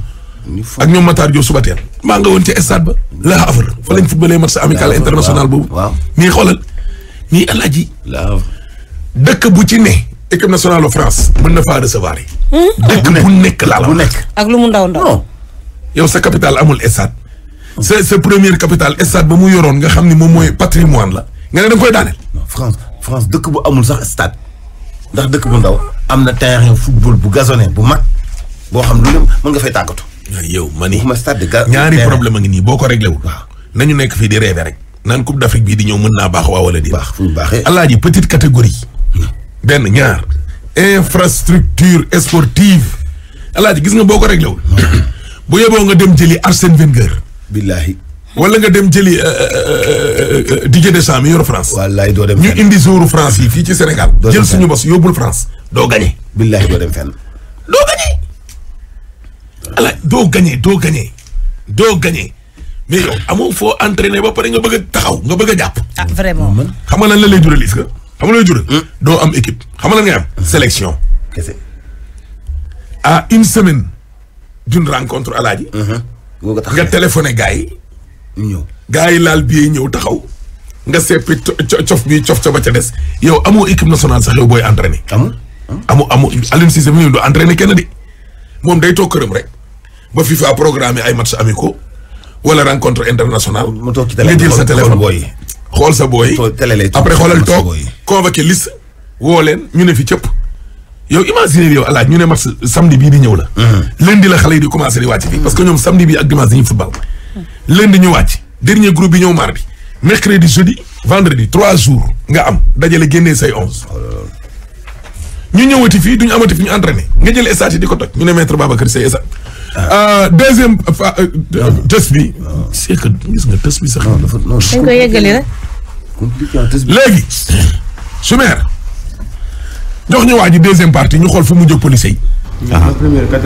ak ñoom Matar Diop suba teel. maa nga woon ca stade La Havre fa lañ footballee match international boobu. waaw mais xoolal alaaji. dëkk bu ci ne équipe nationale de France mën na faa recevoir yi. Hmm? dëkk bu nekk laa la bu nekk. ak lu mu ndaw ndaw. yow sa capital amul estade. sa sa première capital stade ba mu yoroon nga xam ni moom mooy patrimoine la nga ne da koy daaneel. France France dëkk bu amul sax stade ndax dëkk bu ndaw am na terrain football bu gazonné bu mag boo xam lu ne mën nga fay tàggatu. yow ma ni ñaari problème a ngi nii boo ko réglé nañu nekk fii di rêver rek naan coupe d'Afrique bii di ñëw mën naa baax waa wala di. baax fu mu baaxee alaaji petite benn ñaar infrastructure sportive alaaji gis nga boo ko réglé wul bu yeboo nga dem jëli Arsène Wenger billahi wala nga dem jëli euh, euh, euh, Didier Deschamps mi yor France. wallaay doo dem fenn ñu indi jouru France yi fii ci Sénégal. jël suñu bos yóbbul France doo gagné. billahi doo dem fenn. doo gagné. doo gagné doo gagné doo gagné mais yow amoo foo entraîné ba pare nga bëgg taxaw nga bëgg a jàpp. ah vraiment. xam nga lan la lay dural xam nga looy hmm? doo am équipe xam nga lan ngay am. Hmm. sélection. kese à une semaine d'une rencontre alaaji. woo hmm. ko tax nga téléphoné gars yi. ñëw gars yi laal bii ñëw taxaw. nga seppi cof bi cof a ca des yow amoo équipe nationale sax yow booy entraîné. amu amoo amoo Aliou Cissé mi du entraîné kenn di moom day toog këram rek ba FIFA programmé ay match amicaux wala rencontre internationale. mu toog ci téléphone nga jël sa téléphone booy xool sa booy. après xoolal toog convoqué liste woo leen ñu ne fi cëpp. yow imaginer yow alaaj ñu ne match samedi bii di ñëw la. Hmm. di la xale yi di commencé di wàcc fii. Hmm. parce que ñoom samedi bii ak dimanche dañuy football. lundi ñu wàcc dernier groupe bi ñëw mardi. mercredi jeudi vendredi trois jours nga am dajale génnee say onze. Oh ñu ñëwati fii duñu amati fi ñu entraîné nga jël stade di ko toj. ñu ne maître Babacar Seye stade Euh, deuxième euh, euh, test bi. c'est gis nga test bi sax. non dafa non léegi. Soumer. jox ñu waa ji deuxième partie ñu xool fu mu jóg police yi. Ah.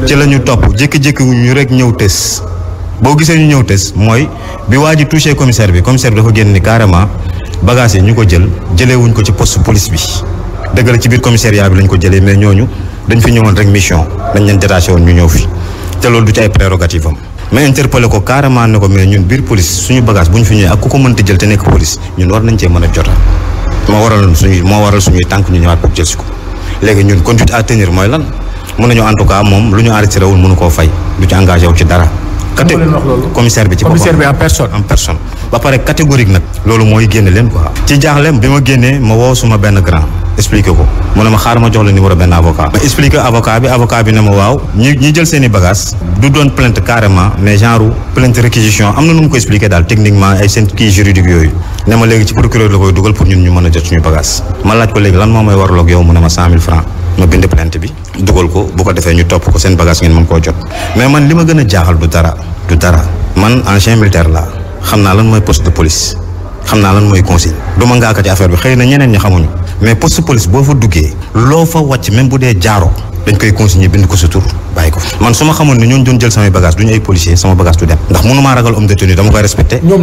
ci la ñu topp jékki-jékki ñu rek ñëw test boo gisee ñu ñëw test mooy bi waa ji touché commissaire bi commissaire bi dafa génn ni carrément bagages yi ñu ko jël jëlee wuñ ko ci post police bi dëgg la ci biir commissariat bi lañ ko jëlee mais ñooñu dañ fi ñëwoon rek mission dañ leen détaché woon ñu ñëw fi. te loolu du ci ay prérogative am mais interpellé ko carrément ne ko mais ñun biir police suñu bagage bu ñu fi ñëwee ak ku ko mënta jël te nekk police ñun war nañ cee mën a jota moo waral suñuy moo waral suñuy tànk ñu ñëwaat pour jël ko léegi ñun conduite à tenir mooy la mun nañu en tout cas moom lu ñu enregistré wul mënu koo fay du ci engagé wu ci dara commissaire bi ci boppam commissaire bi en personne en personne ba pare catégorique nag loolu mooy génne leen quoi ci jaaxleem bi ma génnee ma woo benn grand expliqué ko mu ne ma xaar ma jox la numéro benn avocat ma expliqué avocat bi doon plainte carrément mais genre plainte réquisition am na nu daal techniquement ay seen kii juridique yooyu ne ma a jot suñu bagage ma lan moo may waraloog yow mu ne ma cent mille francs ma bind plainte bi dugal ko bu ko defee ñu topp ko seen bagage ngeen mën koo jot mais man li ma gën a jaaxal du dara du dara man ancien militaire la xam naa lan mooy post de police xam naa lan mooy consigne du ma ngaaka bi xëy na ñeneen ñi xamuñu mais poste police boo fa duggee loo fa wàcc même bu dee jaaroo dañ koy consigné bind ko sa tur bàyyi ko man su ma xamoon ne ñooñu doon jël samay bagage du ñu ay policier sama bagage du dem ndax mënu maa ragal homme de tenue dama koy respecté ñu ay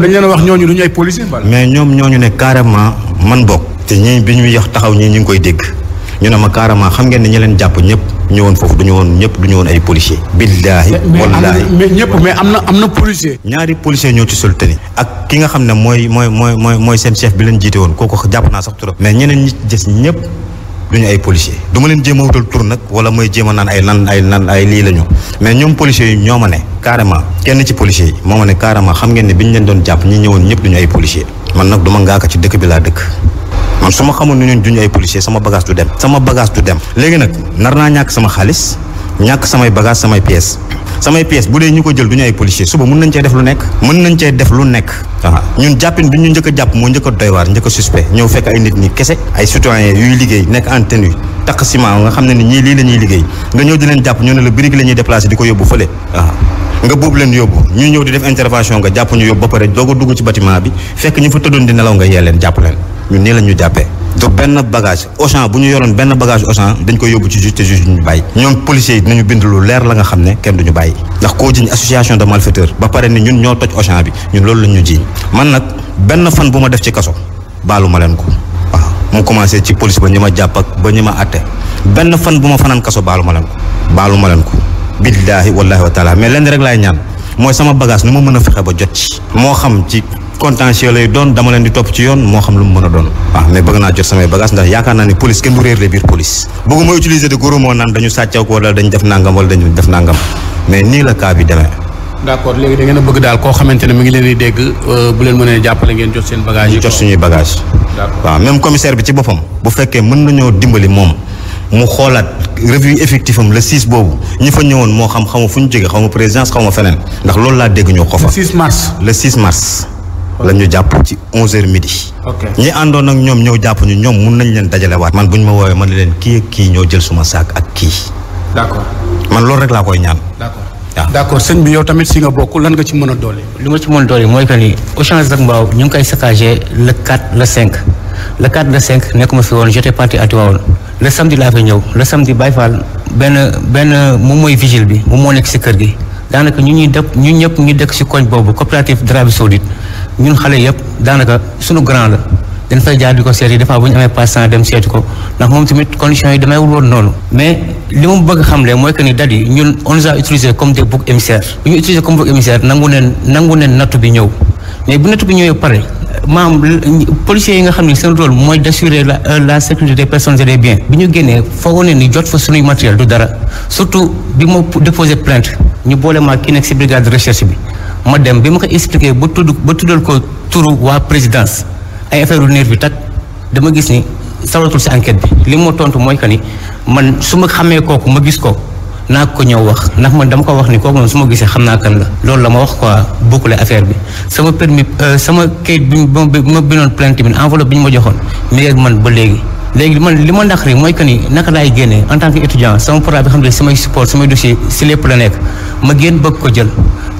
mais ñoom ñooñu ne carrément man bokk te ñi bi ñuy taxaw ñii ñu ngi koy dégg ñu ne ma carrément xam ngeen ne ñi leen jàpp ñëpp ñëwoon foofu du ñu woon ñëpp du ñu ay policier billaahi wallaahi mais ñëpp mais am na am na policier ñaari policier ñoo ci soltani ak ki nga xam ne mooy mooy mooy mooy mooy seen chef bi leen jiite woon kooku jàpp naa sax trop mais ñeneen ñi ñëpp du ñu ay policier du ma leen jéem a wutal nag wala mooy jéem naan ay lan ay lan ay lii la ñu mais ñoom policiers yi ñoo ma ne carrément kenn ci policiers yi moo ne carrément xam ngeen ne bi ñu leen doon jàpp ñi ñëwoon ñëpp du ñu ay policier man nag du ma ngaaka ci dëkk bi laa dëkk man su ma xamoon ne ñun duñu ay policier sama bagage du dem sama bagage du dem léegi nag nar naa ñàkk sama xaalis ñàkk samay bagage samay pièces samay pièces bu dee ñu ko jël duñu ay policier suba mun nañ cee def lu nekk mën nañ cee def lu nekk waaw ñun jàppin bi ñu njëkk jàpp moo njëkk a doy waar njëkk a suspect ñëw fekk ay nit ñi kese ay citoyen yuy liggéey nekk en tenue takk ciment nga xam ne ni ñii lii lañuy liggéey nga ñëw di leen jàpp ñoo ne la birig la ñuy déplacé di ko yóbbu fële nga boobu leen yóbbu ñu ñëw di def intervention nga jàpp ñu yóbbu ba pare doog a dugg ci bâtiment bi fekk ñu fa tëddoon di nelaw nga yee leen jàpp leen ñun nii la ñu jàppee du benn bagage Auchan bu ñu yoroon benn bagage Auchan dañ koy yóbbu ci juge te juge duñu bàyyi ñoom policiers yi dinañu bind lu leer la nga xam ne kenn duñu bàyyi ndax koo jiñ association de malfaiteurs ba pare ni ñun ñoo toj Auchan bi ñun loolu la ñu jiñ man nag benn fan bu ma def ci kaso baalu ma leen ko waaw mu commencé ci police ba ñu ma jàpp ba ñu ma atte benn fan bu ma fanaan kaso baalu ma ko baalu ma leen ko billaahi wallaahi wa taala mais lenn rek laay ñaan mooy sama bagage nu ma mën a fexe ba jot ci moo xam ci contentieux lay doon dama leen di topp ci yoon moo xam lu mu mën a doon waaw mais bëgg naa jot samay bagage ndax yaakaar naa ni police kenn du réer le biir police bëgguma utiliser de gros mots naan dañu sàccaw ko wala dañu def nangam wala dañu def nangam mais nii la cas bi demee d' léegi da ngeen a bëgg daal koo xamante ne mi ngi leen di dégg euh, bu leen mënee jàppale ngeen jot seen bagage yi. ñu jot suñuy bagage bi ci boppam bu fekkee mën nañoo dimbali moom mu xoolaat revue effectif am le boobu ñi fa ñëwoon moo xam xaw ma fu ñu jógee xaw ma présidence xaw ma feneen ndax loolu laa dégg ñu ko fa. le 6 mars. le la ñu jàpp ci 11h ñi àndoon ak ñoom ñëw jàpp ñu ñoom mun nañ leen dajalewaat. man bu ñu ma woowee man leen kii ak kii ñoo jël suma saak ak kii. d'accord man loolu rek laa koy ñaan. d'accord waaw d'accord sëñ bi yow tamit si nga bokk lan nga ci mën a doole. li ma ci mën a doole mooy que ni Auchan Zac Mbao ñu ngi koy saccagé le 4 le cinq le 4 le 5 nekkuma fi woon j'étais parti à Tivaouane le laa fa ñëw le samedi Baye Fall benn benn moom mooy vigile bi moom moo nekk si kër gi daanaka ñu ñuy dëpp ñu ñëpp ñu dëkk si koñ boobu coopérative d'Arabie Saoudite ñun xale yëpp daanaka suñu grand la dañ fay jaar di ko seet yi des fois bu ñu amee passant dem seetu ko ndax moom tamit conditions yi damay wul woon noonu mais li mu bëgg xam le mooy que ni dal ñun on les a utilisé comme des boucs émissaires bu ñu utilisé comme bouc émissaire nangu neen nangu neen nattu bi ñëw mais bi nattu bi ñëwee pare maam policiers yi nga xam ni seen rôle mooy d' assurer la euh, la sécurité des personnes et des biens bi ñu génnee foogoo ni jot fa suñuy matériel du dara surtout bi ma déposé plainte ñu boole maa kii nekk si brigade recherche bi ma dem bi ma ko expliqué ba tudd ba tuddal ko turu waa présidence ay affaire u nerf bi dama gis ni sawatul si enquête bi li mu tontu mooy que ni man su ma xamee kooku ma gis ko naa ko ñëw wax ndax man dama ko wax ni kooku moom su ma gisee xam naa kan la loolu la ma wax quoi bokkule affaire bi sama permis euh, sama kayit bi ma binoon plainte bi enveloppe bi ñu ma joxoon mi ngi man ba léegi. léegi man li ma naqari mooy que ni naka laay génnee en tant que étudiant sama portable bi xam ne samay support samay dossier si lépp la nekk ma génn bëgg ko jël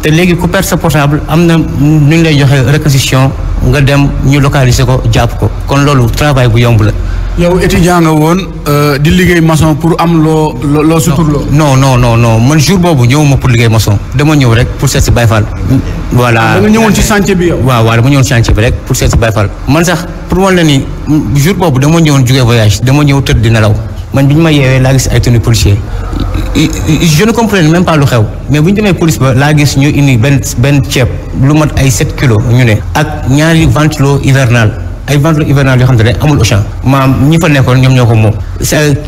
te léegi ku perte sa portable am na nu ñu lay joxe réquisition nga dem ñu localiser ko jàpp ko kon loolu travail bu yomb la. yow étudiant nga woon euh, di liggéey maçon pour am loo loo suturloo. non non non non man jour boobu ñëwuma pour liggéey maçon dama ñëw rek pour seet si Baye Fall. voilà ah, da nga ñëwoon ci chantier bi yow. waaw waaw dama ñëwoon chantier bi rek pour seet si Baye Fall man sax pour man la ni jour boobu dama ñëwoon jugee voyage dama ñëw tëdd di nelaw man bi ñu ma yeewee laa gis ay tenue policier je ne comprenais même pas xew mais bu ñu demee police ba laa gis ñu indi benn benn ceeb lu mat ay 7 kilos ñu ne. ak ñaari ventilo hivernal. ay ventes hivernales yoo xam ne amul Auchan maanaam ñi fa nekkoon ñoom ñoo ko moom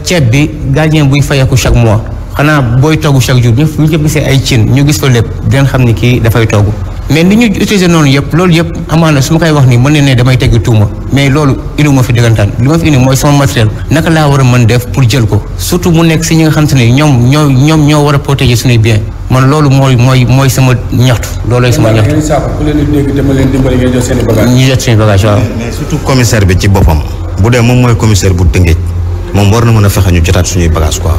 ceeb bi gardien buy fayeeku chaque mois xanaa booy togg chaque jour ñëpp ñu ko gisee ay cin ñu gis ko lépp dinañ xam ni kii dafay togg mais ni ñu utilisé noonu yëpp loolu yëpp amaana su ma koy wax nii mën ne ne damay tegg tuuma mais loolu indi ma fi dëggantaan li ma fi indi mooy sama matériel naka laa war a mën def pour jël ko surtout mu nekk si ñi nga xam te ne ñoom ñoo ñoom ñoo war a protéger suñuy bien man loolu mooy mooy mooy sama ñaxtu loolooy sama ñaxtu. ñu jot seen bagage waaw. mais surtout commissaire bi ci boppam bu dee moom mooy commissaire bu Tëngéej moom war na mën a fexe ñu jotaat suñuy bagage quoi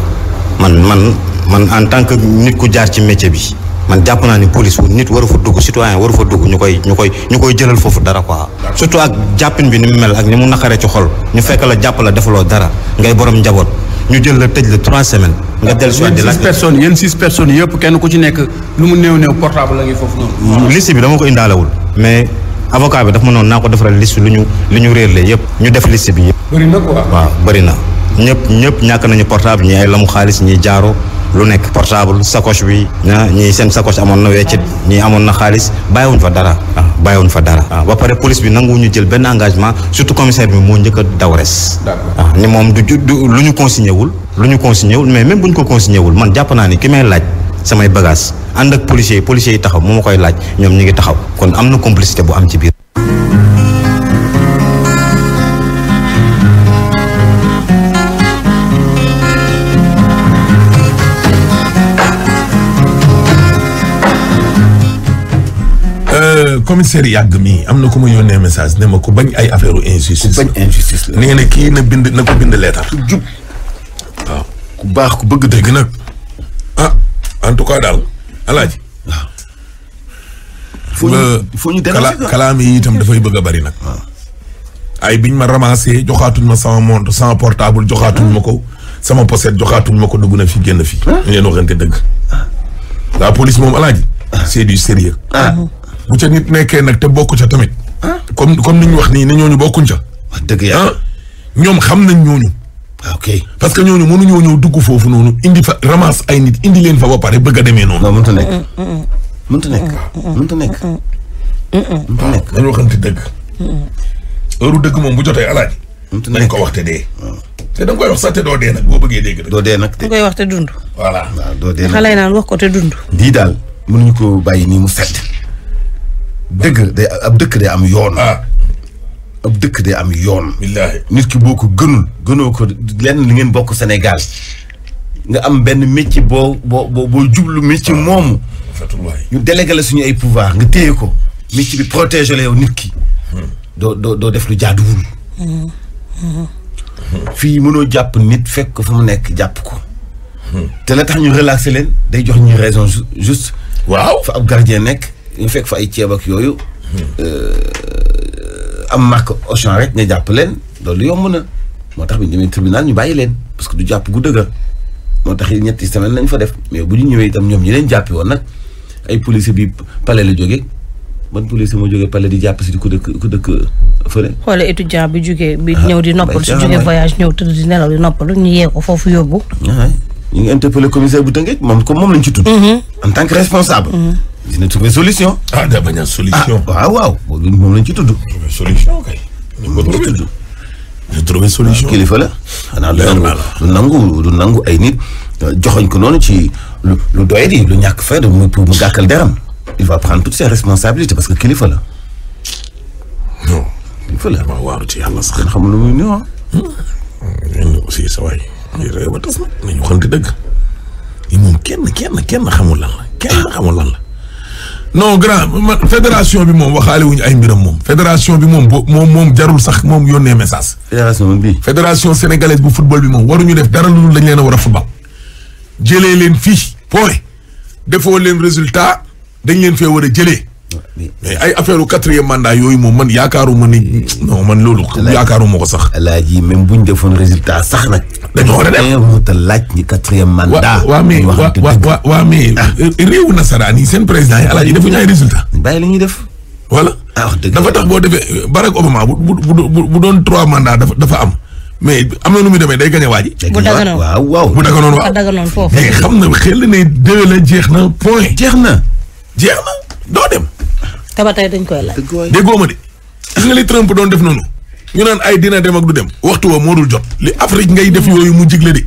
man man man en tant que nit ku jaar ci métier bi man jàpp naa ni police wu nit waru fa dugg citoyen waru fa dugg ñu koy ñu koy ñu koy jëlal foofu dara ko surtout ak jàppin bi ni mu mel ak ni mu naqaree ci xol ñu fekk la jàpp la defaloo dara ngay borom njaboot. ñu jël la tëj la trois semaines. nga dellu si a di la six personnes yéen six personnes yëpp kenn ku ci nekk lu mu néew néew portable la ngi foofu noonu. liste bi dama ko indaalewul mais avocat bi daf ma noonu naa ko defaral liste lu ñu lu ñu réerlee yëpp. ñu def liste bi yëpp. bëri na waaw bëri na. ñëpp ñëpp ñàkk nañu portable ñi ay lamu xaalis ñi jaaro lu nekk portable sacoche bi na ñii seen sacoche amoon na weccit ñii amoon na xaalis bàyyiwuñ fa dara ah bàyyiwuñ fa dara ah ba pare police bi ñu jël benn engagement surtout commissaire bi moo njëkk a ah, ni moom du lu ñu consigné wul lu ñu consigné wul mais même bu ñu ko consigné wul man jàpp naa ni ki may laaj samay bagage ànd ak policier yi policier yi taxaw moo ma koy laaj ñoom ñu ngi taxaw kon am na complicité bu am ci biir commissaire yàgg mii am na ku ma yónnee message ne ma ku bañ ay affaire u injustice ku bañ injustice la nee na na ko bind leetar ku jub waaw ku baax ku bëgg dëgg nag ah, tout cas daal alaaji waaw foo ñu ñu kalaam dafay bëgg bari nag ay biñ ma ramassé joxaatuñ ma sama montre sama portable joxaatuñ ma ko sama pochette joxaatuñ ma ko dugg na fi génn fi ñu ah. leen waxante dëgg ah. la police moom alaaji c'est du sérieux bu ca nit nekkee nag te bokku ca tamit. Ah. comme comme ni ñu wax nii ne ñooñu bokkuñ ca. wax dëgg yàlla ah. ñoom xam nañ ñooñu. Ah, ok parce que ñooñu mënuñoo ñëw dugg foofu noonu indi fa ramasse ay nit indi leen fa ba pare bëgg a demee noonu. non mënta nekk. Mm, mm, mm. mënta nekk. mënta nekk. mënta nekk dañu waxante dëgg. heure dëgg moom bu jotee alaaji. mënta nekk dañ ko te dee. te da nga koy wax sax te doo dee nag boo bëggee dégg rek. doo dee nag te da koy wax te dund. voilà waaw doo dee nag xale naan wax ko te lii daal mënuñu ko bàyyi nii mu sedd. dëgg day ab dëkk day am yoon. Ah. ab dëkk day am yoon. nit ki boo ko gënul gënoo ko lenn li bokk senegal nga am benn métier boo boo boo jublu métier ah. moomu. ñu délégué suñu ay pouvoir nga téye ko. métier bi protéger la yow nit ki. Hmm. doo doo def lu jaaduwul. Hmm. Hmm. fii mënoo jàpp nit fekk ko fa mu nekk jàpp ko. te la tax ñu relaxé leen day jox ñu raison juste. waaw fa ab gardien nekk. ñu fekk fa ay ceeb ak yooyu. Euh, am marque Auchan rek nga jàpp leen loolu yomb na moo tax bi ñu demee tribunal ñu bàyyi leen parce du jàpp gu dëgër moo tax ñetti semaine lañ fa def mais bu ñu ñëwee itam ñoom ñi leen jàppi woon nag ay police bi palais la jógee ban police moo jógee palais di jàpp si ku dëkk ku dëkk fële. xoolal étudiant bi jógee bi ah, ñëw di noppalu su jógee voyage ñëw tëdd di nelaw di ñu yee foofu yóbbu. Ah, ñu ngi interpellé commissaire bu Tëngéej moom comme moom lañ ci tudd. Mhm. tant que responsable. Mhm. dina trouver solution. Ah, a solution. ah lañ ci tudd. trouver solution kay. moom ah, kilifa la. xanaa du nangu du ay nit joxoñ ko noonu ci lu lu lu ñàkk fayda muy pour mu gàkkal deram il va prendre toutes ses responsabilités parce que kilifa la. non. kilifa la waaw waaru ci yàlla sax. lu muy nii ah. Hmm? ñooñu aussi sa waay. ñu réew a tas na. kenn kenn kenn xamul la kenn non grand fédération bi moom waxaale wuñu ay mbiram moom fédération bi moom bo moom moom jarul sax moom yónnee message. fédération bi. fédération sénégalaise bu football bi moom ñu def dara lu dañ leen a war a football. jëlee leen fii point defoo leen résultat dañu leen fee war a jëlee. mais ay affaire u manda yooyu moom man yaakaaruma ni non man loolu. yaakaaruma ko sax. alaaji même buñ defoon résultat sax nag. dañoo war a dem te laaj ni quatrième mandat. waa mais ah. euh, waa waa nasaraan yi seen président yi alaaji defuñu ay résultat. bàyyi la ñuy def. voilà ah, dafa tax boo defee Barack Obama bu bu bu doon trois mandats dafa dafa am. mais am na nu muy demee day gañ a waaj. bu daganoon waaw waaw bu daganoon waaw. bu daganoon foofu. mais xam na xel ne deux jeex na point. jeex na jeex na doo dem. te ba tey dañ koy laaj. déggoo ma de gis nga li Trump doon def noonu ñu naan ay dina dem ak du dem waxtu wa moo dul jot li Afrique ngay def yooyu mu jigle de.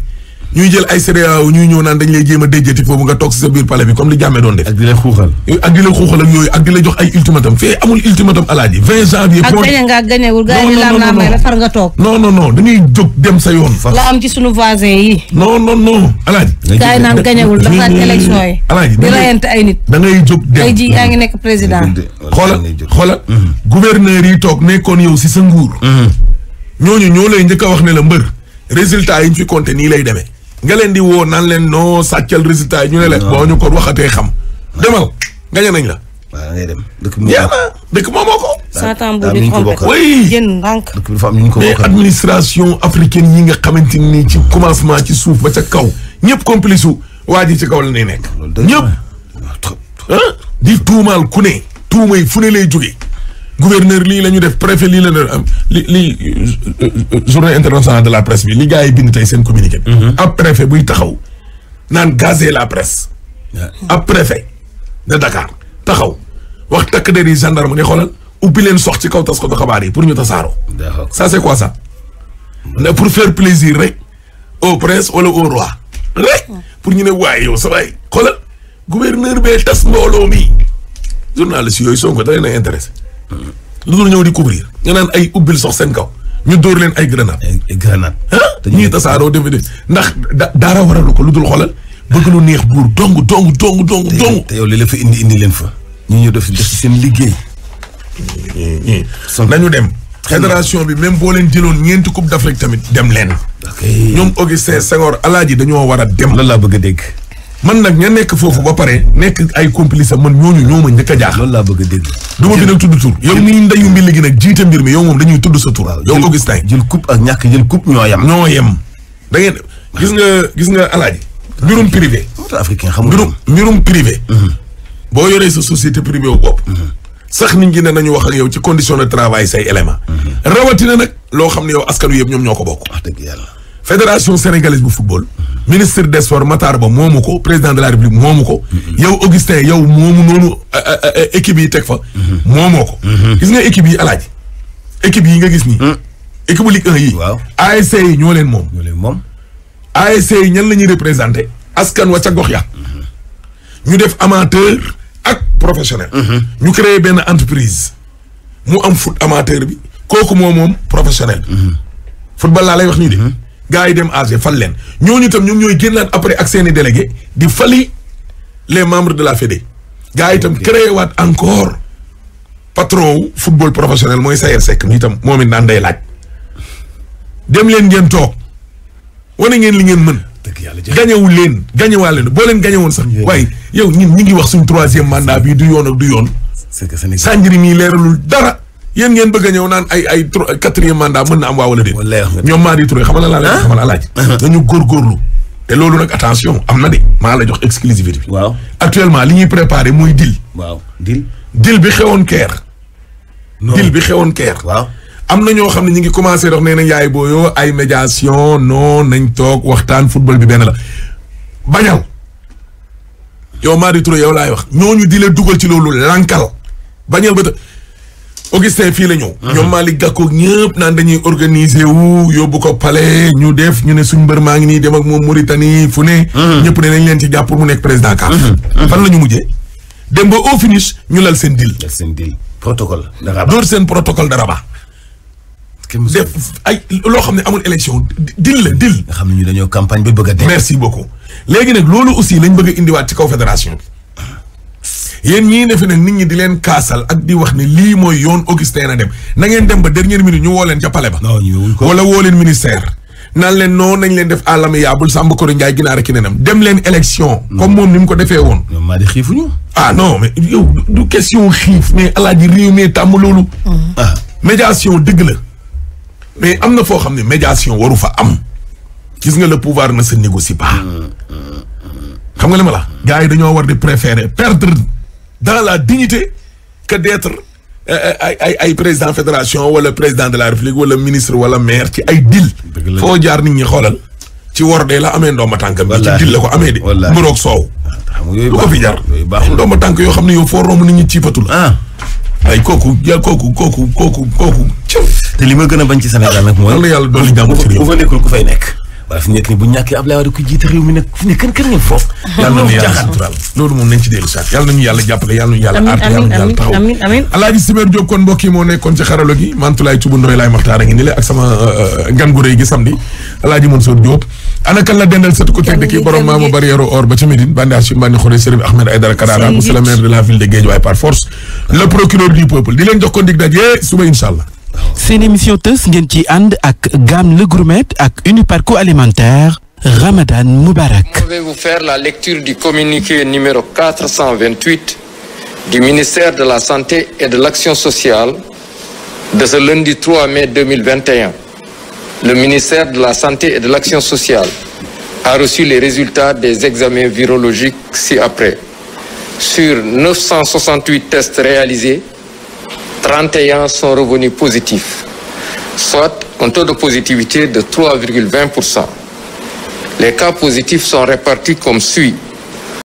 ñuy jël ay CEDEAO ñuy ñëw naan dañ lay jéem a déjjati foofu nga toog sa bi comme li jàmme doon def. ak di la xuuxal ak di la xuuxal ak yooyu jox ay ultimatum fee amul ultimatum alaaji 20 janvier. ak gañe nga gañewul gars yi laam naa nga toog. non non non dañuy jóg dem sa yoon. la am ci sunu voisin yi. non non non alaaji. gars yi naan gañewul dafa am élection yi. alaaji di rayante ay nit. da ngay jóg dem tey jii yaa ngi nekk président. xoolal xoolal mm-hmm. gouverneur yi toog nekkoon yow si sa nguur. Mm-hmm. ñooñu ñoo lay njëkk wax ne la mbër résultat yi ñu fi compté nii lay demee nga leen di woo nan leen noo sàccal résultat yi ñu ne leen. woo ñu ko waxatee xam. demal gañe nañ la. waaw ngay dem dëkk bi dëkk moom moo ko. saatambu di compété oui. génn ndànk. dëkk bi dafa am ñu ko mais administration africaine yi nga xamante ni ci commencement ci suuf ba ca kaw ñëpp complice wu waa ji ci kaw la ñuy nekk. ñëpp ah, di tuumaal ku ne. tuumay fu ne lay jógee. gouverneur lii la ñu def préfet lii la li lii journée internationale de la presse bi li gars yi bind tey seen communiqué bi mhm. ab préfet buy taxaw naan gazé la presse ab préfet de Dakar taxaw wax takk der yi gendarme ne xoolal ubbi leen sox ci kaw tas ko xabaar yi pour ñu tasaaroo ça c'est quoi ça na pour faire plaisir rek au prince wala au roi rek pour ñu ne waaye yow sa waay xoolal gouverneur bee tas mbooloo mi journaliste yooyu Sonko da leen intéressé lu dul ñëw di couvrir nga naan ay ubbil sox seen kaw ñu dóor leen ay grenade ay grenade ah ñii tasaaroo def def ndax daara waralu ko lu dul xoolal bëgg lu neex buur dong dong dong dong dong te yow li la fa indi indi leen fa ñu ñëw def def seen liggéey nañu dem fédération bi même boo leen jëloon ñeenti coupe d'Afrique tamit dem leen ñoom Augustin Senghor alaaji dañoo war a dem lan laa bëgg a dégg man nag ña nekk foofu ba pare nekk ay complice man ñooñu ñoo ma njëkk a jaax loolu laa bëgg a dégg du ma fi nag tudd tur yow jiite mbir mi yow moom dañuy tudd sa tur yow ko gis tay jël coupe ak ñàkk jël coupe ñoo da ngeen gis nga gis nga alaaji mbirum privé africain xamul mbirum mbirum privé mhm. boo yoree sa société privée wu bopp mhm. sax nit ñi na nañu wax ak yow ci condition de travail say élément mhm. rawatina nag loo xam ne yow askan wi yëpp ñoom ñoo ko bokk wax dëgg yàlla fédération sénégalaise bu football ministre des sports Matar Ba moomu ko président de la république moomu ko. yow Augustin yow moomu noonu euh, euh, euh, équipe yi teg fa. moomoo ko. gis nga équipe yi alaaj équipe yi nga gis nii. Hmm. équipe Ligue 1 yi. waaw ASC yi ñoo leen moom. ñoo leen moom. ASC yi ñan la ñuy représenté askan wa ca gox ya ñu def amateur ak professionnel. Hmm. ñu créer benn entreprise. mu am foot amateur bi kooku moo moom professionnel hmm. bi. laa lay wax nii de. gars yi dem AG fal leen ñooñu itam ñoom ñooy génnaat après ak seeni délégué di fali les membres de la fédé gars yi itam créé encore patron wu football professionnel mooy Sayer Seck mi itam moom it naan day laaj dem leen ngeen toog wane ngeen li ngeen mën. dëgg yàlla gañewul leen gañewaale leen boo leen gañewoon sax. waaye yow ñun ñu ngi wax suñ troisième mandat bi du yoon ak du yoon. c'est que Sénégal sànjiri mii leeralul dara. yéen ngeen bëgg a ñëw naan ay ay trois quatrième mandat mën na am waa wala déet. ñoom maa di turé xamal la laaj ah? xamal a laaj. dañu ah. góorgóorlu. te loolu nag attention am na de maa la jox exclusivité bi. waaw actuellement li ñuy préparé mooy deal. waaw deal. deal bi xewoon keer. non bi xewoon keer. waaw am na ñoo xam ne ñu ngi commencé dox nee na yaay booyoo ay médiation non nañ toog waxtaan football bi benn la bañal. yow maa di turé yow laay wax ñooñu di la dugal ci loolu lankal bañal ba Augustin fii la ñëw. ñoom Malick Gakou ñëpp naan dañuy organiser wu yóbbu ko pale ñu def ñu ne suñ mbër maa ngi nii dem ak moom Mauritanie fu ne. ñëpp ne nañ leen ci jàpp pour mu nekk président CAF. fan la ñu mujjee dem ba o finish ñu lal seen deal. seen deal protocole. dara door seen protocole dara ba. def ay loo xam ne amul élection dil la dil. nga xam ne ñu dañoo campagne ba bëgg a. merci beaucoup léegi nag loolu aussi lañ bëgg indiwaat ci kaw fédération bi. yéen ñii defe ne nit ñi di leen kaasal ak di wax ne lii mooy yoon Augustin a dem na ngeen dem ba dernière minute ñu woo leen ca palais ba. wala woo leen ministère. naan leen noonu nañ leen def àllam yaabul Samba Kori Ndiaye ginaar ak ki nenam dem leen élection. comme moom ni mu ko defee woon. maa di xiifuñu. ah non mais yow du question xiif mais alaaji réew mi tàmm loolu. Mm-hmm. Ah. médiation dëgg la. mais am na foo xam ne médiation waru fa am. gis nga la pouvoir ne se négocie pas. Mm, mm, mm. xam nga li ma la. gars yi dañoo war di préférer perdre. dans la dignité que d'être euh, euh, ay ay ay président fédération wala président de la république wala ministre wala maire ci ay dil foo jaar nit ñi xoolal ci war dee la amee ndooma tànk bi ci dil la ko amee de mburoog soow ah, lu ko fi jar ndooma tànk yoo xam ne yow foo romb nit ñi ciipatul ah ay kooku ya kooku kooku kooku kooku te li ma gën a bañ ci mooy yàlla doon li jàmm ci réew ku fay nekk waaye fi nekk nii bu ñàkkee Ablaye Wade ku kon ci xarala gi Mantulaay Cubu Ndoy laay Maxtaar ngi ni le ak sama euh, euh, gan gu rëy gi samedi alaaji Mansour Diop ana kan la dendal sëtu ko teg de kii borom maamu barrière or ba ca Médine bandi Hachim bandi Xore Sëriñ Ahmed Aïdara Karara monsieur le de la ville de Guédiawaye par force le procureur du peuple di leen jox ko dig daje suba inshallah seen émission tës ngeen ci ànd ak gamme le gourmet ak Uniparco alimentaire Ramadan Moubarak. Je vais vous faire la lecture du communiqué numéro 428 du ministère de la Santé et de sociale de ce lundi 3 mai 2021. Le ministère de la Santé de l'Action sociale a les résultats des examens virologiques ci-après. Sur 968 tests réalisés, 31 sont revenus positifs, soit un taux de positivité de 3,20 Les cas positifs sont répartis comme suit.